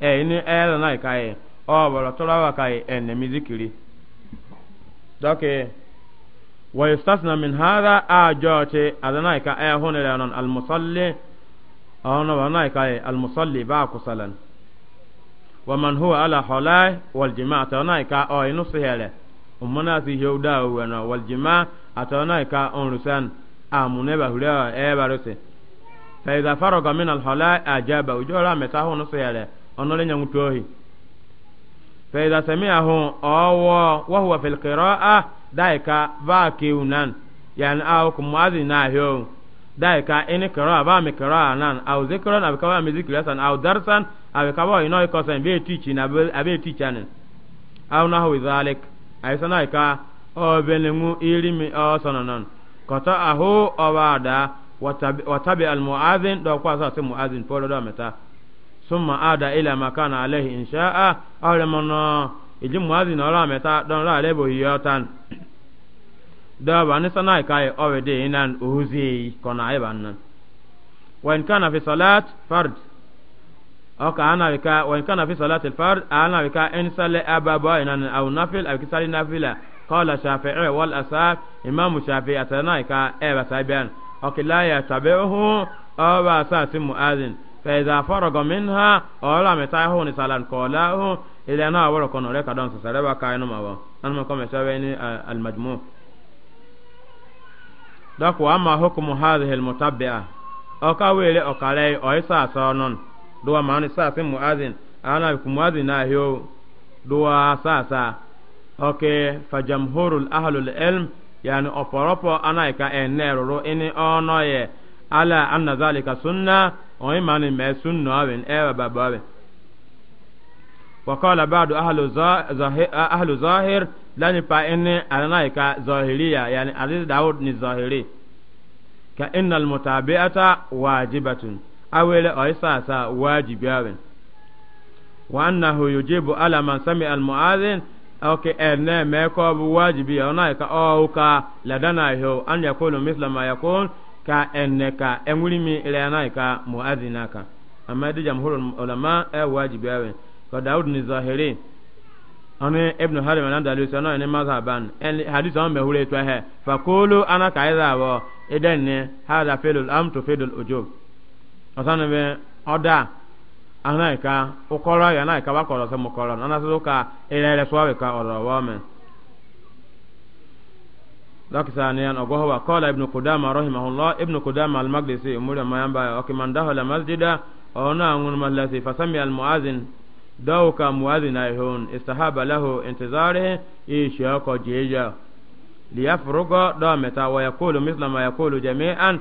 e eh, ni el na kai o oh, boro torawa kai en eh, mizikiri doke wa yustasna min hadha a jote adana ka e eh, honere non al musalli ono oh, wana kai al musalli ba kusalan wa huwa ala halai waljima ata tana ka o oh, inu sihere umana si yauda wa na waljima ata atana ka on rusan amune ba hura e barose fa idha faraga min al halai ajaba ujora metahu nusiyare onole nyangu tohi fa idha sami'ahu awwa wa huwa fil qira'a daika ba kiunan yani aw kumazi na hiyo daika ini qira'a ba mi qira'a nan aw zikran aw kawa mi zikra san aw darsan aw kawa ino iko san be tichi na be tichanin aw nahu dhalik ay sanaika o benengu ilimi o sononon kota aho obada watabi al muadhin do kwa sa muadhin polo do meta summa ada ila makana alaihi in sha'a aw la manna iji muazi na ra meta don ra lebo yotan da ba ni sanai kai owe de inan uzi kona ai ban nan wa in kana fi salat fard aw ka ana bika wa in kana fi salat al fard ana bika in sala ababa inan aw nafil aw kisali nafila qala shafi'i wal asaf imam shafi'i atanai ka ba sabian aw la ya tabihu aw ba sa muazin فإذا فرغ منها أولا متاعه نسالا قوله إلى أنا أولا كون أولئك دون سسربا كاينو مبا أنا مكم يشابيني المجموع دوك وأما حكم هذه المتبعة أكاويلي أكالي أيسا سانون دوا ماني ساسي مؤذن أنا بكم أهيو دوا ساسا أوكي فجمهور الأهل العلم يعني أفرقوا أنا إكا إنيرو إني أونوي على أن ذلك سنة oyin mani mɛ sun nɔ bin ɛwɛ ba bɔ bin wakɔla baadu ahlu zahir lani pa inni alana ka zahiriya yani aziz daud ni zahiri ka innal mutabi'ata wajibatun awele oysa sa wajibiyawin wa annahu yujibu ala man sami'a al mu'adhin oke erne me ko bu wajibi ona ka o ladana ho an yakunu misla ma yakun ka enne ka enwuri mi ilana ka muazina ka amma da jamhurul ulama e wajibi awe ko daud ni zahiri ani ibnu harim an andalusi ana ni mazhaban en hadith on mehure to he fa ana ka iza hada am to ujub asana be oda ana ka ukoro ya na ka bakoro se mukoro ana so ka لك ثانيا وهو قال ابن قدامة رحمه الله ابن قدامة المقدسي أمور ما ينبغي وكمن دخل مسجدا وهنا أنون مجلسي فسمع المؤذن دوك مؤذن أيهون استحاب له انتظاره إيشيك جيجا ليفرق دامتا ويقول مثل ما يقول جميعا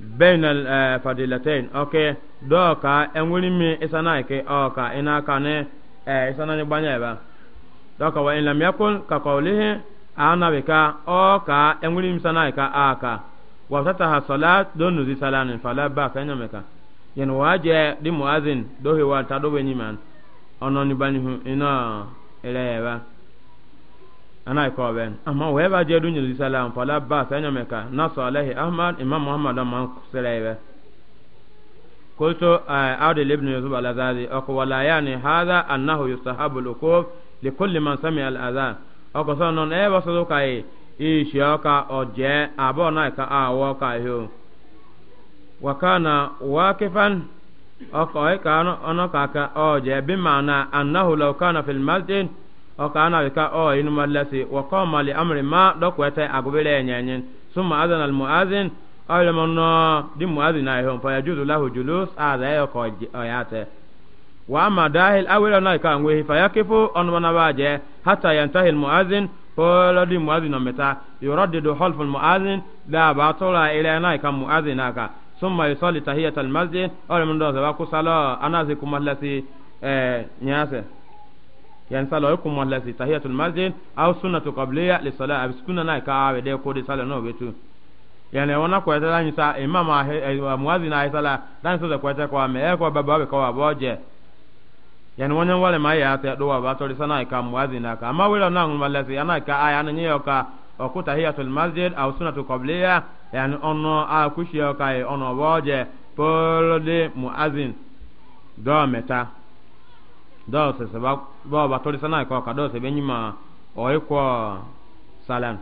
بين الفضيلتين أوكي دوكا أنوني مي إسانايكي أوكا إنا كان إساناني بانيبا دوكا وإن لم يكن كقوله ana be ka o ka na misana ka aka wa tataha salat don nuzi salanin fala ba ka nyame ka yen waje di muazin do he wa ta do be nyiman ono ni bani hu ina ele ba ana ko ben amma we ba je du nuzi salam fala ba ka nyame ka nasu alaihi ahmad imam muhammad eh, man kusalaye قلت عبد الابن يوسف الأزازي أقوى لا يعني هذا أنه يستحب الوقوف لكل من سمع الأذان ọkọsọ nọ n'ebe sọdọ ka ị ishi ọka ọjee abụọ na ka awọ ka ihe wakana wakifan ọkọ ịka ọnọ ka aka ọjee bi na anahu law kana fil masjid ọka ana wika ọ inu mallasi wakọ mali amri ma dọkwete agubile enyenyen suma azan al muazin ọyọmọ nọ di muazin na ihe mpa yajuzu lahu julus aza ya ọkọ ọyate wa amma dahil awira na ka ngwe fa yakifu on mana baje hatta yantahi almuazin polo di muazin na meta yuraddidu half almuazin da ba tola ila na ka muazin aka summa yusalli tahiyat almasjid aw min dawza ba kusala anazi kumallasi eh nyase yan sala kumallasi tahiyat almasjid aw sunnatu qabliya li salat abskuna na ka awe de ko de sala no betu yani wana kwete la nyisa imama eh, muazin na sala dan so kwete kwa ame e ko baba be ko aboje yani wannan wale ma ya ta dowa ba tori sana ka muazin ka amma wala na mun wallahi ana ka aya na nyeyo ka oku tahiyatul masjid aw sunatu qabliya yani onno a kushiyo ka e onno boje polde muazin do meta do se se ba ba ba tori sana ka ka do se benyima o iko salam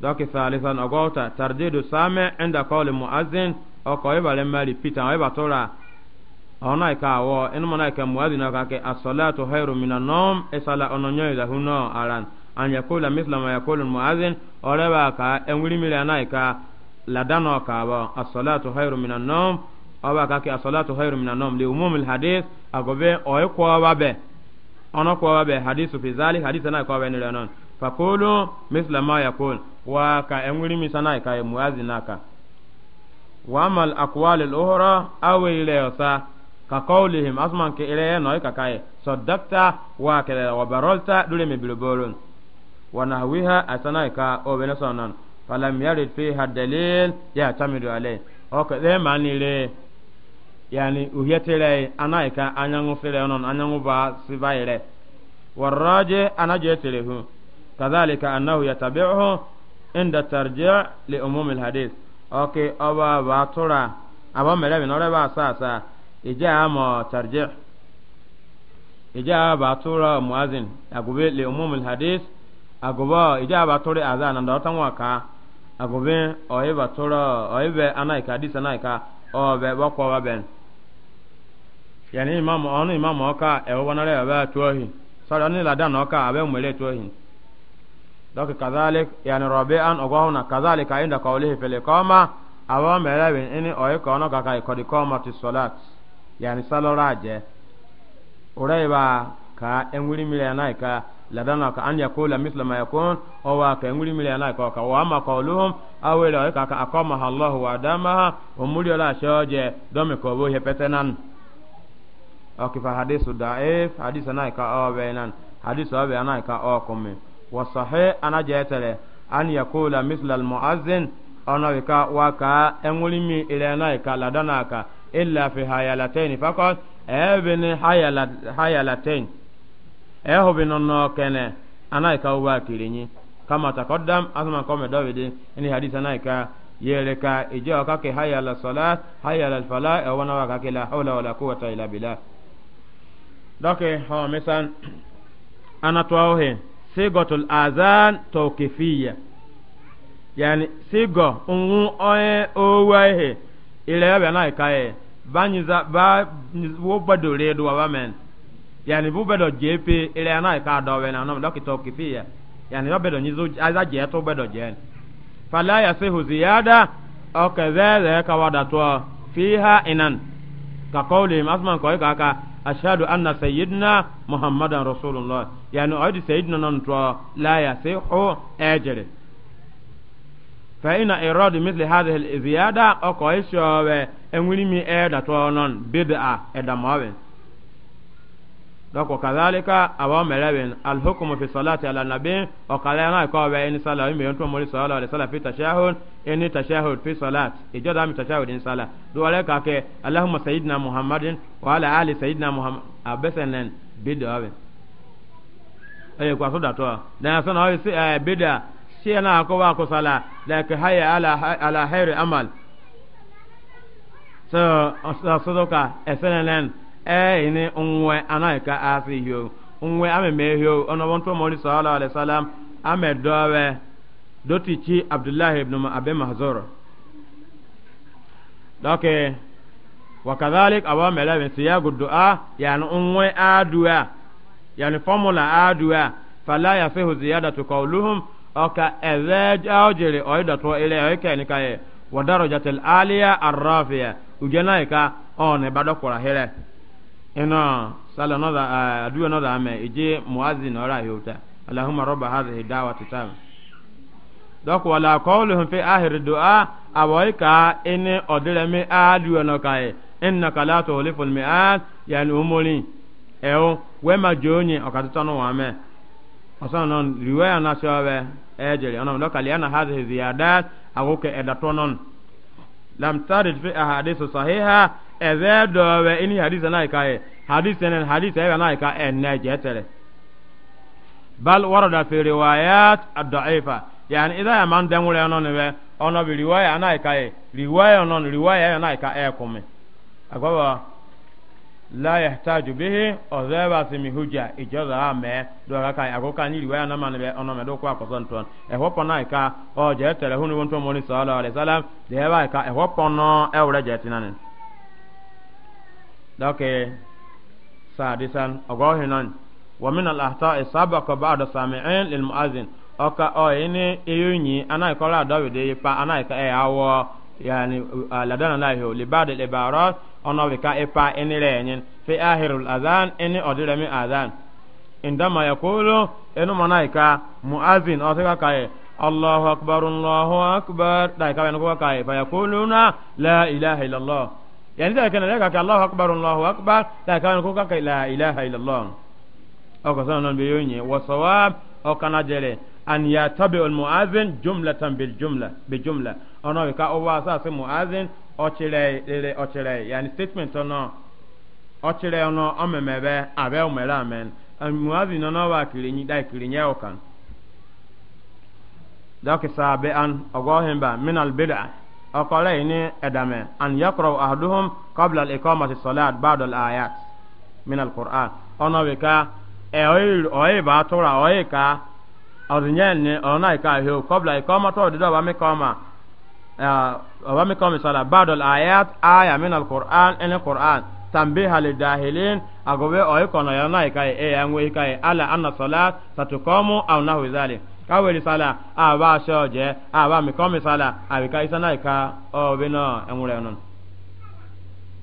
doki salisan ogota tarjidu same inda qawli muazin o ko ibale mari pita o ibatora ona ka wo en mona ka muadhin ka ke as-salatu khairu minan nawm esala ononyo da huno aran an yakula mithla ma yakulu muadhin oreba ka en wiri mire na ka ladano ka ba as-salatu khairu minan nawm oba ka ke as-salatu khairu minan nawm li umum al-hadith agobe oy ko ba be ona ko ba be hadithu fi zalik hadith na ko ba ni ranon fakulu mithla ma yakul wa ka en wiri mi sana ka muadhin ka wa amal aqwal al-ukhra aw ila yasa ka qawlihim asman ke ilaya noy ka kai saddaqta wa kala wa baralta dole me bilborun wa nahwiha asanai ka o bena falam yarid fiha dalil ya tamidu alai o ka de manire yani uhiyatere anaika ka anyangu fere non anyangu ba sibaire waraje anajetere hu kadhalika annahu yatabi'uhu inda tarji' li umum alhadith okay aba batura aba mere bi nore ba sasa ija ama tarjih ija ba muazin agube le umumul hadis agoba ija ba tura azan da tan waka agobe oyi ba tura oyi be anaika hadis anaika o be ba kwa ba ben yani imam onu imam oka e wo nare ba tuohi sala ni ladan oka abe mwele tuohi donc kazalik yani rabi'an ogahuna kazalika inda qawlihi fil iqama awa melawen ini oyi kono kaka ikodi qamati salat yani salora je urai ba ka enwuri mire anai ka ladana ka an la misla ma yakun o wa ka enwuri mire anai ka wa ma qawluhum awela ka ka aqama Allahu wa dama umuri la shoje domi ko bo hepetenan akifa hadisu da'if hadisa anai ka o benan hadisu abi anai ka o kumi wa sahih ana jetele an yakula misla al muazzin ona ka wa ka enwuri mi ile ka ladana ka illa fi hayalatain fakot ebini hayalatain eho bino no kene anai ka uba kirinyi kama taqaddam asma kome dawidi ini hadith anai ka yele ka ijo ka ke hayala salat hayala fala e wana wa ka ke la hawla wala quwwata illa billah doke hawa misan anatoa he sigotul azan tawqifiyya yani sigo ungu oe owa he ile yabe anai ka e banyiza ba wo bado redu wa men yani bu bado jepe ile ana e ka do we na no dokito kifia yani ba bado nyizo aza je to bado je fala yasihu ziyada aw kadhala ka wada to fiha inan ka qawli masman ko e ka ka ashhadu anna sayyidina muhammadan rasulullah yani odi sayyidina non to la yasihu ajri فإن إيراد مثل هذه الزيادة أكو إشوا أموني مي إيدا تونون بدعة إيدا موين dɔkɔ kazalika awa mɛlɛbin alhukumu fi salati ala nabi ɔkalaya na ikɔ bɛ ini sala imi yɔntun mori sɔɔla ɔle sala fi tashahud ini tashahud fi salat ijɔda mi tashahud in sala duwale ka kɛ alahuma sayidina muhammadin wa ala ali sayidina muhammad abɛsɛnɛn bidɔ bɛ ɛyɛ kwaso datɔ dɛnɛ sɔnna si ɛɛ shena akowa kusala like haya ala ala hayri amal so asodoka esenenen e ini unwe anaika asihio unwe amemehio onobonto mori sallallahu alaihi wasallam amedowe dotichi Abdullah ibn abi mahzura doke wakadhalik awa melewe siyagu du'a yani unwe adua yani formula adua fala yasihu ziyadatu qawluhum ọka ẹ̀rẹ́ ọjìrì ọ̀yídọ̀tọ̀ ilẹ̀ ọ̀yíkẹ́ nìkan yẹ wọ́dọ̀rọ̀ jẹ́tẹ̀ aliya arọ́fìyà ùjẹ́ náà ìka ọ̀nà ìbádọ́kọ̀rọ̀ hẹ́rẹ́ eh, iná sálọ náà àdúgbò náà dàmẹ́ ìjẹ́ muhazi nọ́ra yòóta alahuma rọba hazi hidawa titam. dọ́kọ̀ wàlá kọ́ọ̀lù hùfẹ́ ahìrì dùá àwọ̀ ìka ẹni ọ̀dẹ́rẹ́mí àdúgbò náà kàyẹ ẹni nàkàlà tó olífọ̀lùmí àd yẹn ní umori ẹ̀wọ̀n wẹ́ẹ́ ma jẹ́ onye ọ̀kàtútọ́ náà wà mẹ́ẹ̀ osan non riwaya na sawe ejeli onon do kali ana hadhihi ziyadat agoke edatonon lam tarid fi ahadithu sahiha eze dowe ini hadisa na ikaye hadisa nen hadisa ebe na ika enne jetere bal warada fi riwayat ad-da'ifa yani idha ya man demure onon we ono bi riwaya na ikaye riwaya onon riwaya na ika ekome agwa la yahtaju bihi ozeba simi hujja ijoza ame do ni riwaya na manbe ono me do kwa koson ton e hopo na ka o je tere hunu wonto mo ni sallallahu alaihi wasallam de ba ka e hopo no e je tinan sadisan ogo hinan wa min al ba'da sami'in lil oka o ini iyunyi anai dawide pa anai ka e awo yani uh, ladana na hiyo li ba'd al-ibarat ona wika ipa enire enyin fi ahirul adhan eni odire mi adhan indama yaqulu enu manaika muazin otaka kai Allahu akbar Allahu akbar da kai ko kai fa yaquluna la ilaha illa Allah yani da kana daga Allahu akbar Allahu akbar da kai ko kai la ilaha illa Allah o ko sanan be yonye wa sawab o kana jere an yatabi al muazin jumlatan bil jumla bi jumla ono ka o wa sa se muazin o chire ile o chire yani statement ono o chire ono o memebe abe o mere amen an muazin ono wa kiri ni dai kiri nye o kan dɔki saabi an ogohin ba min al bid'a ɔkɔlɛ yi ni ɛdame an yakoro ahaduhum kɔbla al ikɔmati sɔlɛt baadol ayat min al qur'an ɔnɔ bi ka ɛ ɔyi ɔyi baa tora ɔyi ka ọdụnyẹni ọna ika ahio kọbla ikọmọtọ ọdịdọ ọbamikọma ọbamikọma sala badol ayat aya min alquran ẹni quran tambi hali dahilin agobe ọyikọna ọna ika eya nwe ika ala anna salat au awunahu zali kaweri sala aba aṣọ ọjẹ aba mikọmi sala abika isana ika ọbẹ náà ẹnwúrẹ e nù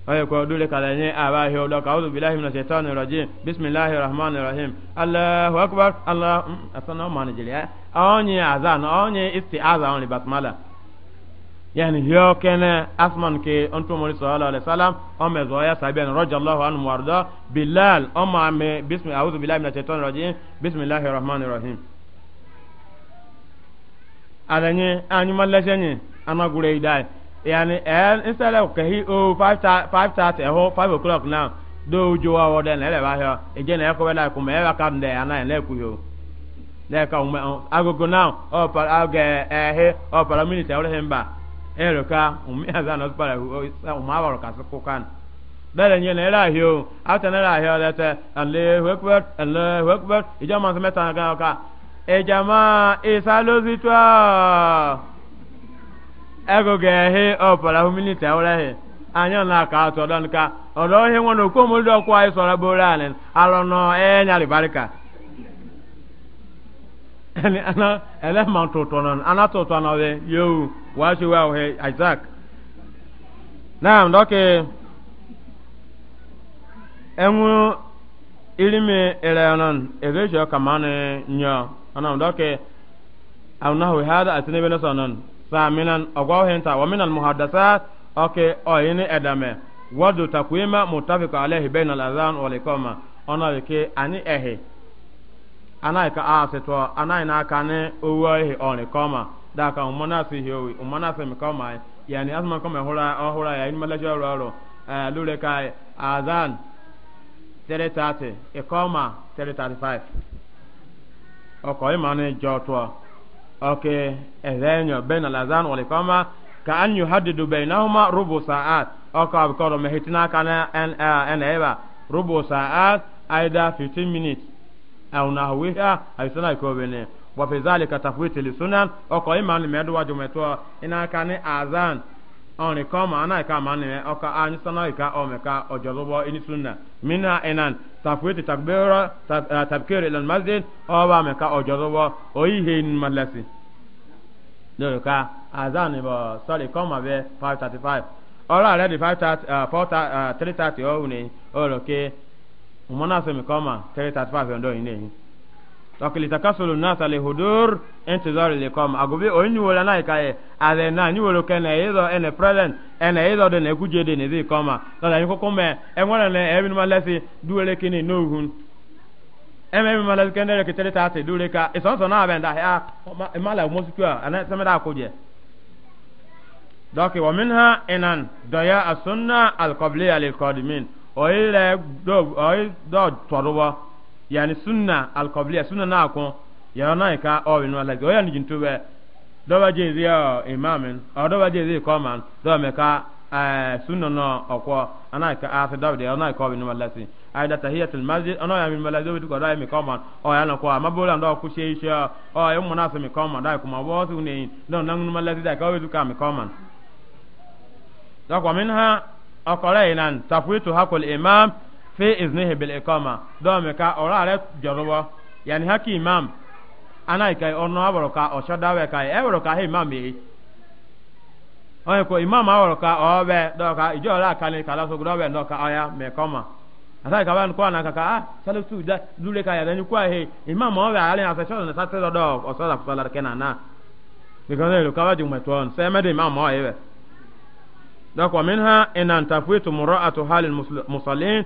ayi ko dole kala ne aba he o ka uzu billahi minash shaitanir rajim bismillahir rahmanir rahim allahu akbar allah mm, asana man jeli eh? onye azan onye istiaza only basmala yani hiyo kene asman ke onto mori sallallahu alaihi wasallam o me zo ya sabian radiyallahu anhu warda bilal o ma me bismi a'udhu billahi minash shaitanir rajim bismillahir rahmanir rahim adanye anyu mallashenye anagure idai yani and instead of kahi o 5:30 ɛhɔ five o'clock now do jo awɔ dɛ na ɛlɛ ba hɛ ɛdze na ɛkɔ bɛ na kuma ɛba kam dɛ ana yɛ n'ɛku yio n'ɛka ɔmɛ ɔ agogo now ɔ para ɔgɛ ɛhɛ ɔ para minita ɔlɛ hɛn ba ɛyɛrɛ ka ɔmɛ aza na ɔsipara ɔ ɔmɛ awɔrɔ kasi ko kan bɛlɛ nyɛ na ɛlɛ ahiɛ o after na ɛlɛ ahiɛ ɔlɛ tɛ ɛlɛ wɛkubɛt ɛlɛ wɛkubɛt ego ga-ehe ọpara huminiti awụraghị anya na aka atọ dọn ka ọdọ ihe nwa na okomori ọkwa anyị sọrọ bụrụ anyị alọ nọ enya ribarika ele ma tụtụ nọ ana tụtụ nọ dị yowu wee chiwe ahụhe isaac na ndọkị enwu ilimi ere nọ ezechi ọka ma nị nyọ ana ndọkị ahụ na hụ ha da asinebe na nọ saminan ogohinta wa minal muhaddasat oke oyini edame wadu takwima mutafiku alayhi bayna al-adhan wal iqama ona ke ani ehe ana ka aseto ana ina ka ne owo ehe on iqama da ka umana si hewi umana se mi kama yani asma kama hura hura ya inma lajo ro ro lure ka adhan 330 iqama 335 oko ìmọ̀ ni okay ezenyo baina lazan wal iqama ka an yuhaddidu bainahuma rubu sa'at aka abkoro mehitina kana an an eba rubu sa'at aida 15 minutes au nahwiha aisana ko bene wa fi zalika tafwit lisunan aka iman medu wa jumeto ina kana azan on koma ana ka manne oka anyi sana ka o me ka ojolobo ini mina enan tafwiti takbira eh, tabkir ila almasjid o ba me ka ojolobo oyi hin malasi do ka azan bo sorry koma be 535 ora ready 530 430 o ne o lo ke umona se me koma 335 ndo ine tɔkili takasolo nasa le hudur intizɔri le kɔm agobi o nyuwola na ika ye ale na nyuwolo kɛ na eyizɔ ɛnɛ present ɛnɛ eyizɔ de na ekudze de na ezi kɔma tɔla yi koko mɛ ɛŋɔna na ɛbinuma lɛsi duwele kini n'ohun ɛmɛ ɛbinuma lɛsi kɛndɛ de kitere ta ti duwele ka ìsɔnsɔn náà bɛ n da ya ɛmala mosuku a ɛnɛ sɛmɛ da akudze dɔki wɔmin ha inan dɔya asunna alikɔbili alikɔdimin oyi lɛ dɔ oyi dɔ tɔdubɔ yani sunna alkɔbiliya sunna naa kɔn yɛrɛ naa yi ka ɔɔ inu ala o yanni jintu bɛ dɔba jeezi ɔ imaamin ɔ dɔba jeezi kɔman dɔba mɛ ka ɛɛ sunna nɔ ɔkɔ ana yi ka aase dɔba de yɛrɛ naa yi ka ɔɔ inu ala ayi da tahiya tili mazi ɔnɔ yɛ min malazi o bi tukɔ dɔba yɛ mi kɔman ɔ yɛrɛ na kɔ a ma bɔ la dɔw kusie yi sɛ ɔ yɛ mɔna se mi kɔman dɔba yɛ kuma bɔ malazi da yi ka o bi tukɔ a mi imam fi iznihi bil ikoma dɔmi ka ɔrɔ are jɔrɔbɔ yani haki imam ana ika ɔnɔ awɔrɔ ka ɔsɔ dawɛ ka ɛwɔrɔ ka he imam yi ɔyɛ ko imam awɔrɔ ka ɔɔbɛ dɔɔ ka ijɔ ɔrɔ akani kala so dɔbɛ dɔɔ ka ɔya mɛ kɔma ata ika bɛ kɔ na ka ka ah su da lule ka yɛrɛ ni kɔ he imam ɔbɛ ale na sɛsɛ na sase dɔ ɔsɔ la fɔlɔ kɛ na na because ɛlò kaba ju mɛtɔ sɛmɛ de imam ɔyɛ bɛ donc wa minha ina ntafuitu mura'atu halil musallin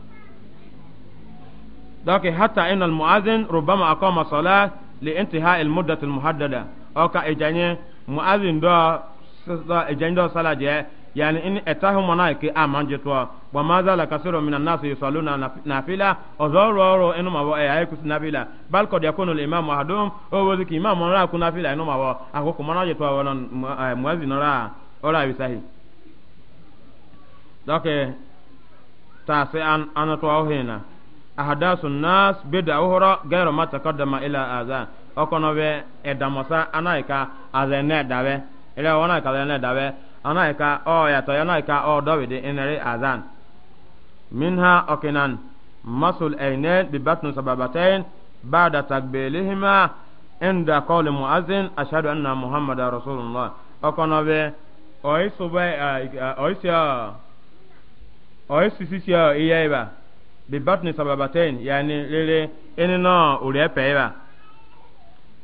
donc hatta ina almuazin rubama akoma sala li intiha almuddat almuhaddada o ka ejanye muazin do do ejanye do sala je yani in etahu mona ke amanje to wa ma zala kasiru min an-nas yusalluna nafila o zoro ro enu mawo e eh, ayi kusi nafila bal qad yakunu al-imam ahdum o wozi ki imam ra ku nafila enu mawo akoko mona je to wa non eh, muazin ra ora bisahi donc eh, ta se an anato hina ahadasu nas beda uhoro gairo ma taqaddama ila azan okono be edamosa anaika azene dawe ile wona ka azene dawe anaika o ya to anaika o dawide inere azan minha okinan masul aynain bi batn sababatain ba'da takbilihima inda qawli muazzin ashhadu anna muhammadar rasulullah okono be oisube oisia oisisi sia iyeba bibatni sababatain yani lele ini no ure peiba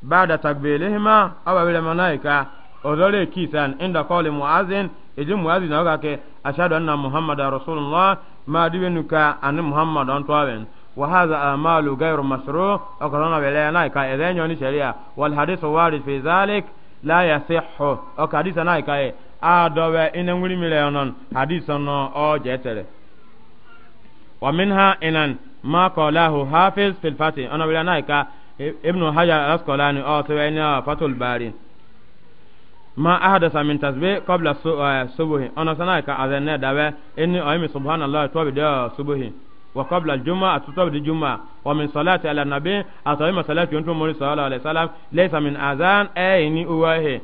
bada takbilihima awa wile malaika odole kisan inda qawli muazin eji muazin oga ke ashhadu anna muhammada rasulullah ma dibenuka ani muhammad on twaben wa hadha amalu ghayru mashru' okorona wile naika edenyo ni sharia wal hadithu warid fi dhalik la yasihhu okadisa naika e adowe ine ngwiri mile onon hadithu wa minha inan ma qalahu hafiz fil fatih ana wala naika ibn hajar al-asqalani aw tawana fatul bari ma ahadasa min tasbih qabla subuhi ana sanaika azanna dawe inni aymi subhanallah tawbi da subuhi wa qabla al-jum'a tawbi jum'a wa min salati ala nabi atayma salati yuntu muri sallallahu alaihi wasallam laysa min azan ayni uwahi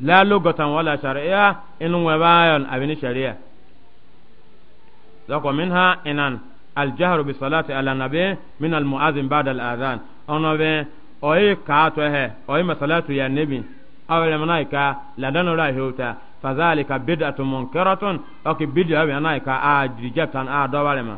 la lugatan wala shar'iyya inu wabayan abini shari'a dɔkɔ minha inan aljahru bisalati ala nabi min almuazin ba'da al'adhan ɔnɔ bɛ ɔyi kaa tɔ hɛ ɔyi masalatu ya nebi awɛlɛ mana yi ka ladanu la hewta fazalika bid'atu munkaratun ɔki bid'a bɛ na a dirijatan a dɔwɛlɛ ma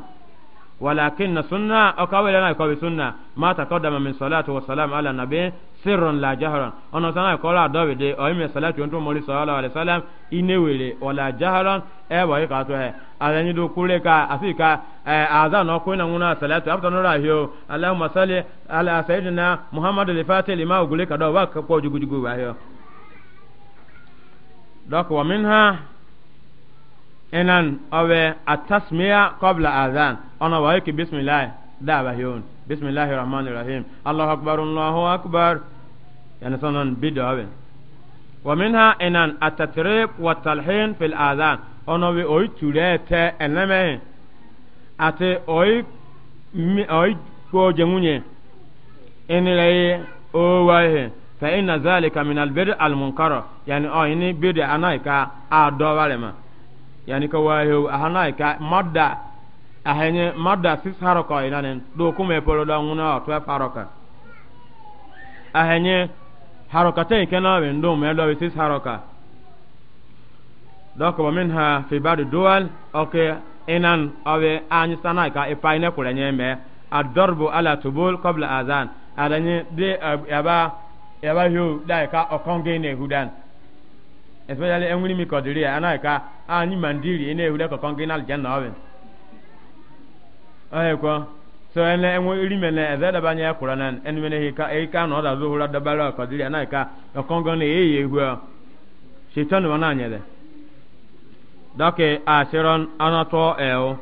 ولكن سنة أو كاوي لنا يكوي سنة ما تقدم من صلاة والسلام على النبي سرا لا جهرا أنا سنة يقول عدوي دي أو إمي صلاة ينتو مولي صلى الله عليه وسلم إنويلي ولا جهرا أبا يقاتوه أذن يدو كوليكا أفيكا أعزان أقوين أمونا صلاة أبطا نورا هيو اللهم صلي على سيدنا محمد الفاتح لما أقوليكا دو واك كو جيجو جيجو باهيو دوك ومنها إنان أو التسمية قبل أذان أنا وهيك بسم الله دعوة هون بسم الله الرحمن الرحيم الله أكبر الله أكبر يعني صنن بدعوة ومنها إن التتريب والتلحين في الآذان أنا وي أوي توليت أنمي أتي أوي مي أوي كوجموني إن لي أوه فإن ذلك من البدع المنكر يعني أو إني بدع أنايكا أدوالما يعني كواهو أهنايكا مدى ahenye mada six haroka ilanin do kuma eporo da nguna twelve haroka ahenye haroka te kana we ndo me do six haroka dɔk wa minha fi badi duwal ok inan awe anyi sana ka ipaine kure nye me adorbu ala tubul qabla azan adanyi de eh, yaba yaba hu da ka okonge ne hudan especially enwini mi kodiri ana ka anyi mandiri ne hudan okonge na aljanna awen ahekwa so ene enwe irimene eze dabanye ya kwura nan enumene hika eika na ọda zuhura dabara akọdiri anaika ọkọngọ na eyi hua. shetan wa na anyere dake ashiron anato eo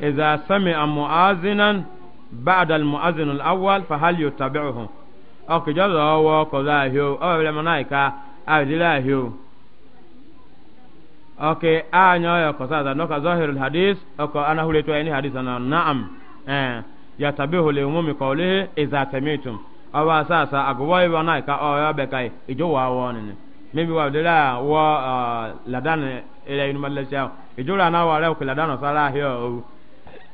iza sami a mu'azinan ba'da al mu'azin al awwal fa hal yutabi'uhu o kijo lo wo ko la hio o bele manaika a dira hio okay anya ya ko sada no ka zahirul hadis ko ana hule to yani hadis ana na'am eh ya tabihu li umumi qawlihi idza samitum awa sasa agwai wana ka o oh, be kai ijo wa won mimi wa dela wa ah, ladan ila yin malasha ijo na wa ra ko ladan sala hiyo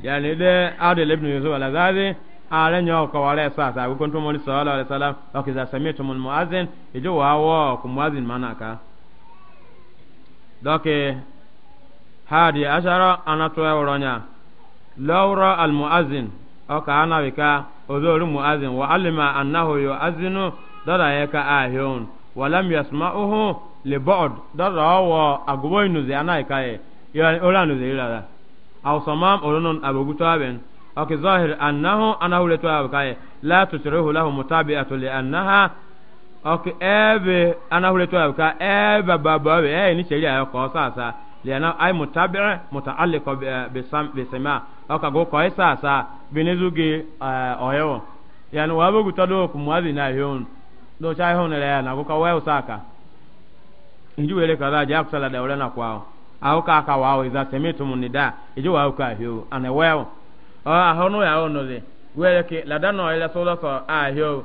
yani de adel ibn yusuf al-azazi ala nyo ko wala sasa ko kontu mo sallallahu alaihi wasallam o kiza samitum al muazzin ijo wa wa ku muazzin manaka dɔke hadi ashara ana tuwa woronya laura almuazin oka ana wika ozori muazin wa alima annahu yuazinu dada yeka ahyon walam yasma'uhu li ba'd dada wa agboy nuzi ana ikaye yani ola nuzi ilada aw samam olonon abogutaben oke zahir annahu anahu letu abkaye la tusrihu lahu mutabi'atu li annaha ok ebe anahuletu abuka ebe baba we e eh, ni sheria ya ko sasa liana ai mutabi'a muta'alliqa eh, bi sam bi sama aka go ko sasa binezuge eh, oyo yani wabu gutado ku muadhi na yon do chai hon le na go ka we usaka inji wele kada ja kusala da ulana kwao au ka ka wao iza semitu munida inji wao ka hiyo ana weo ah hono ya ono de wele ke ladano ile solo so ah hiyo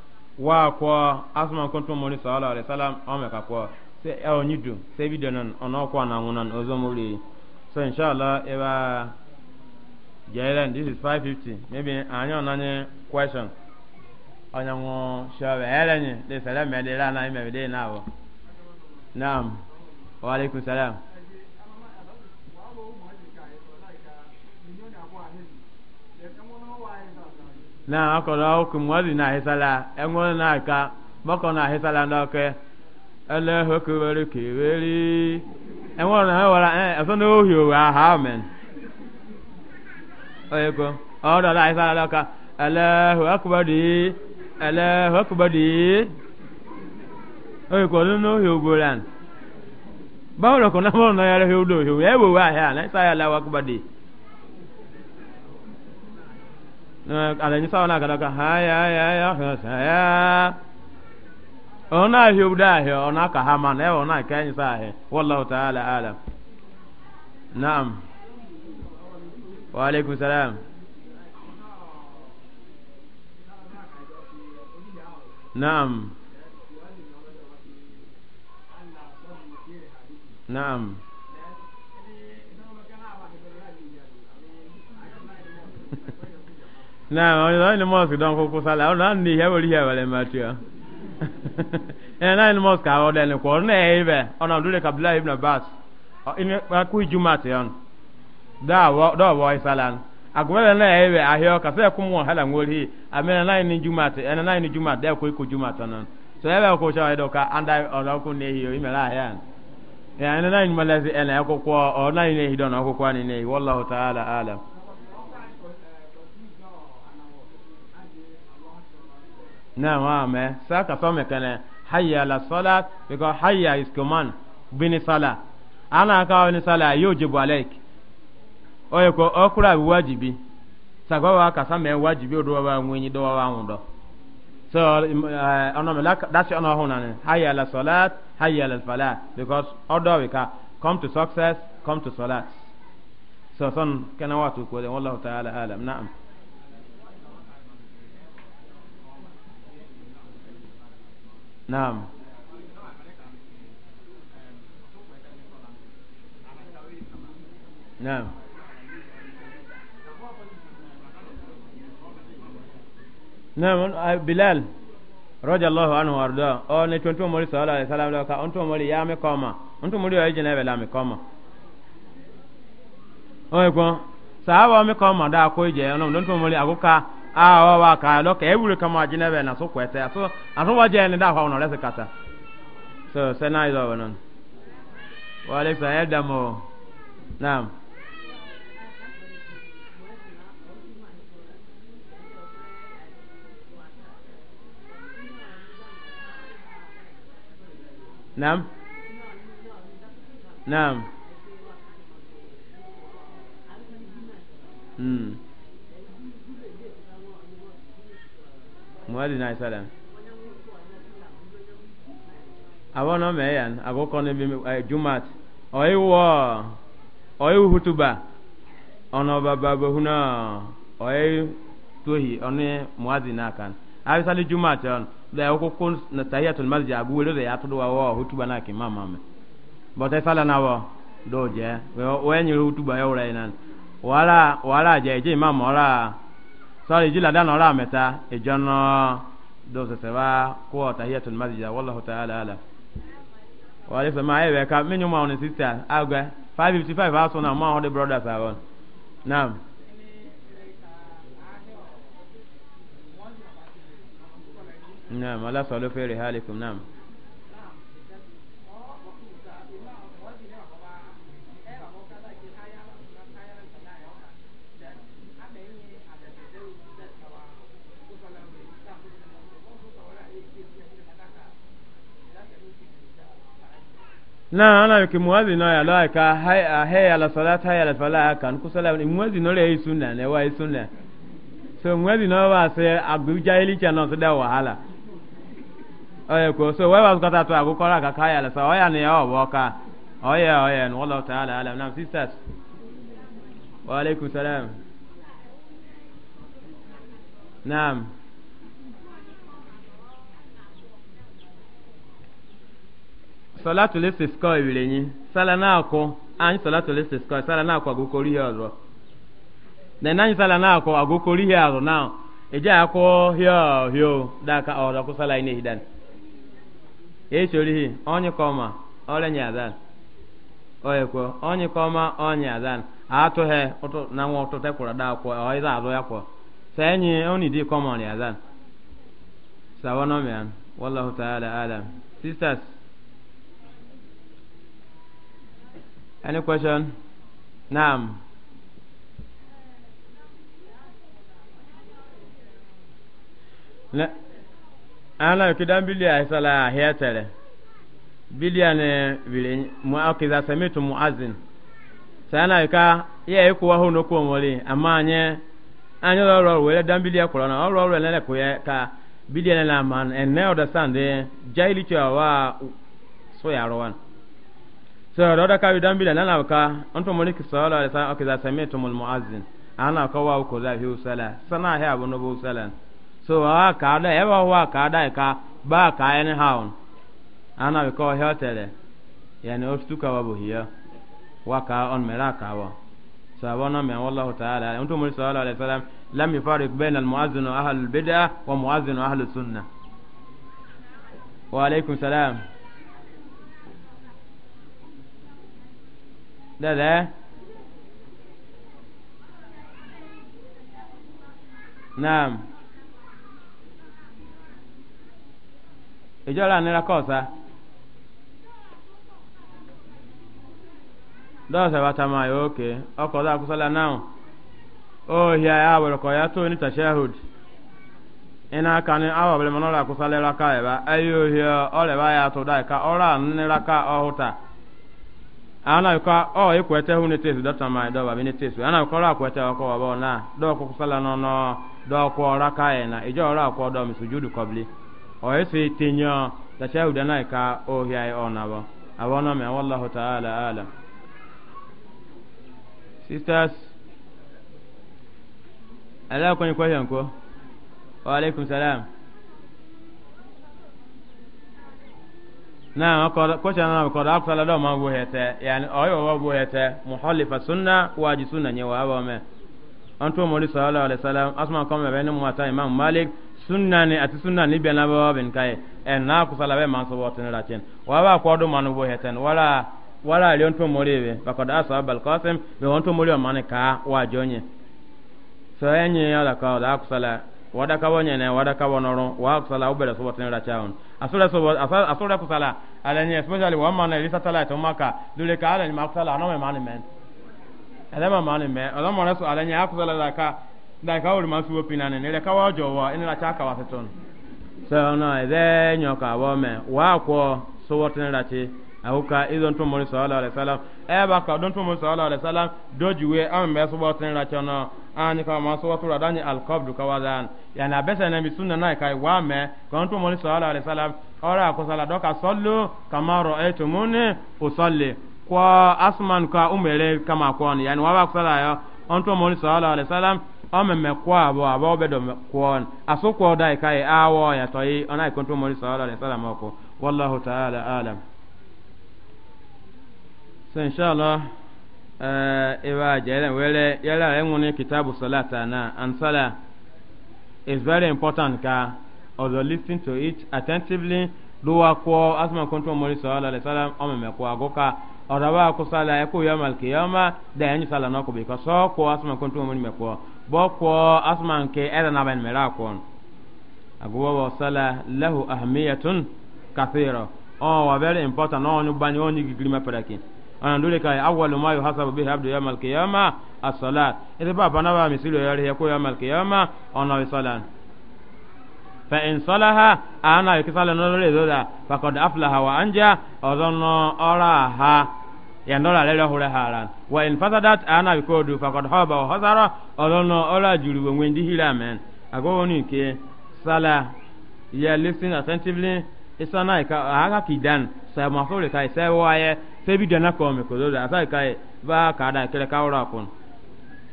wa ko asman kontu mo sallallahu alaihi wasallam o me ka ko se e eh, o nyidu se bi denon ono ko na ngunan ozo muri so inshallah e ba jelen this is 550 maybe anyo na ni question anya ngo shawe elenye de salam me de la na me de na wo naam wa alaikum salaam. na akọrọ okwu mmadụ na-ahịsala enwere na-aka na-ahịsala n'ọkụ ele hokewere keweri enwere na ewara e, ọzọ na ohi owe aha amen ọrụ na ahịsala n'ọka ele hokubadi ele hokubadi oyeko ọdụ na ohi na an alẹ́ni sáwọn àgàdàgà haya haya haya haya ọ̀nà àhìọ́bùdá àhìọ́ ọ̀nà àkàhámà náà ọ̀nà àkẹ́yìn sáà àhìọ́ wọ́láwù tààlà àlà naam waaleykum salaam naam naam. na onye onye mosque don koko sala ona ni ya wori eh, ah, ya wale matia eh na ha mosque awo den na ebe ona dure kabla ibn abbas ini ku jumat yon da wa da wa isalan agwele na ebe ahio ka se ku hala ngori na ni jumat ena eh, na ni jumat da ko ko jumat non so eh, ko sha edo ka anda ne hiyo imela ya ya na ni malazi ko ko ni na ko ko ne wallahu ta'ala alam Naam, amen. Ah, sa ka so me kana eh, hayya ala salat because hayya is command bini sala. Ana ka wani sala yujibu alaik. Oye ko okura bi wajibi. Sagwa wa ka sa me wajibi odo wa nwenyi do wa ndo. So uh, ono me lak that's ono hona ne. Hayya ala salat, hayya ala because odo we come to success, come to salat. So son kana watu ko wallahu ta'ala alam. نعم naam. naam. naam uh, bilal roja allahu anhu warda o ne tuntun mori sallallahu alaihi wasallam ka on to mori ya me koma on to mori o jina be la me koma o ko sahaba me koma da ko je on don to mori aguka awa ah, wa ka lo ka ewure kama ajine be na so kwete aso aso wa jeni da ha onore se kata so se na izo wonon wa alexa edamo Nam. Nam. naam hmm muwadi na isalam abono meyan agoko ne bi eh, jumat oiwo oiwu hutuba ono baba bahuna oi tohi one muwadi na kan abi sali jumat on da ko kun na tahiyatul masjid abu wele da ya tudu wa hutuba na ki mama me bota sala na wa doje we we nyi hutuba ya ura inan wala wala je je mama wala sɔɔri jila da nɔra mɛta ijɔnɔ eh, do sɛsɛba ko tahiyatul masjid wallahu ta'ala ala wale sɛ ma ayi bɛ ka minnu ma ɔni sista agɛ eh. five fifty five a sɔnna ma ɔni brothers awɔ naam. naam ala sɔlɔ halikum naam. na ana ke muwazi na ya laika hay hay ala salat hay ala fala kan ku sala muwazi no le sunna ne wa sunna so muwazi no wa se abu jahili cha no da wahala ay ko so wa wa kata to agu kora ka kaya ala sa oya ne ya wa ka oya oya no Allah ta'ala ala nam sisters wa alaikum salam Naam. salatul istisqa ibire nyi sala na akọ anyị salatul istisqa sala na akọ agokori ya ọzọ na n'anyị sala na akọ agokori ya ọzọ na eje akọ hio hio da ọzọ kụ sala ina hidan e shori onye kọma ọrịa nya adan oyekwo onye kọma onye adan atụ ụtụ na nwa ụtụ tekwara da akwọ ọịza azụ ya kwọ sẹ́yìn ó nìdí kọ́mọ̀ ní adan sàwọn ọmọ yẹn wọ́n lọ́hùn tààlà adam sisters Any question? Naam. Na ana kidan biliya sala ya tare. Biliya ne bile mu akiza samitu muazin. Sana ka ya yi kuwa hono ko mole amma anye anye ro ro wele dan biliya ko e na ro ro le ko ya ka biliya na man e and now understand the jaility wa so ya rowan so roda ka widan bila nana ka onto moni ki sala ala sa okay za sami'tumul muazzin ana ka wa ko za hiu sala sana he abu no bu sala so a ka da e wa wa ka da ka ba ka en haun ana ko he tele yani ostu ka wa bu hiya wa ka on mera ka wa so abona me wallahu ta'ala onto moni sala ala salam lam yufariq bayna al muazzin wa ahlul bid'ah wa muazzin wa ahlus sunnah wa alaikum salam dede naam ijọra anira kọsa dọọsẹ batama ya oke ọkọ da akwụsala naam ohia ya were kọ ya to nita shehud ina aka ni awa bere mana ọrụ akwụsala ịraka ebe ayi ohia ọrịa ya atụ da ka ọrụ ka nrịraka ọhụta ana yuka o oh, e kwete hu ne tesu data mai do ba ne tesu ana ko ra kwete ko wa na do ko kusala no no do ko ra ka e na ijo ra ko do mi sujudu qabli o e se tenyo ta cha u dana ka o hi ai ona ba abona me wallahu ta'ala ala sisters ala ko ni ko yan wa alaikum salam na kocha na ko da afsala do ma bu hete yani oyo wa bu hete muhallifa sunna wa sunna ne wa ba me anto mo sallallahu alaihi wasallam asma ko me bene mu ata imam malik sunna ni ati sunna ni bena ba ben kai en na kusala sala be man so wotin ra chen wa ba ko do manu bu hete wala wala le onto mo re be ba ko da asab al qasim be wa jonye so enye ya da ka wada kawo nyene wada kawo noro wa sala u bere sobo tenra chaun asura sobo asura ku sala ala ni especially wa mana lisa tala to maka dule ka ala ni ma sala no me mani men ala ma mani me ala mo rasu ala ni aku sala da ka da ka uri masu wo pinane ne le kawo jowo ina la chaka wa seton so no ede nyoka wo me wa ko sobo tenra chi awuka idon to mori sallallahu alaihi wasallam e ba ka don to mori sallallahu alaihi wasallam doji we am be so botin ra chono an ka ma so watura dani al qabd ka wadan ya na besa na bisunna na kai wa me ka to mori sallallahu alaihi wasallam ora ko sala doka sallu kama ra'aytumuni usalli kwa asman ka umere kama kon yani wa ba sala yo on to mori sallallahu alaihi wasallam ọmẹmẹ kọ àbọ àbọ bẹdọ kọ asokọ da ika yi awọ yàtọ yi ọnà ìkọntọ mọlẹ sọlọ alẹ sọlọ mọkọ wàlláhu ta'ala alam so inshallah uh, iwa jere wele yala enwuni kitabu salata na and salah is very important ka although listen to it attentively luwa ko asma kuntu mori sallallahu alaihi wasallam me ko agoka ọ̀rọ̀wá kó sálà ẹ̀kú yọmọ kìyọmọ dẹ̀ ẹ̀yìn sálà náà kò So sọ́ asma asuma kó tó me kọ́ bọ́ kó asuma nkè ẹ̀rọ náà bẹ̀ mẹ́rà kọ́ agbowó wọ sálà lẹ́hu ahamiya tún kàfẹ́rọ̀ ọ̀ oh, wà very important náà wọ́n ní bani wọ́n ní gígírí ana kai awwalu ma yuhasabu bihi abdu yawm qiyama as-salat ite ba bana ba misilu yari ya ko yawm qiyama ona wi fa in salaha ana yakisala no le doda fa qad aflaha wa anja ora ha ya ndola lele hore haran wa in fasadat ana bikodu fa qad haba wa hasara ora juru we ndi ago ni ke sala ya listen attentively isana ka aga kidan sa mafole sebi dana ko me ko da sai kai ba ka da kele ka ora kun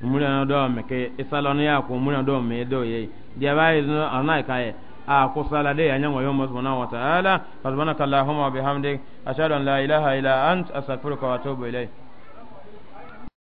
mun do me ke isalon ya ko mun do me do ye dia ba yi no anai kai a ko sala de yanya wa na subhanahu wa ta'ala subhanaka allahumma bihamdik ashhadu an la ilaha ila ant astaghfiruka wa atubu ilayk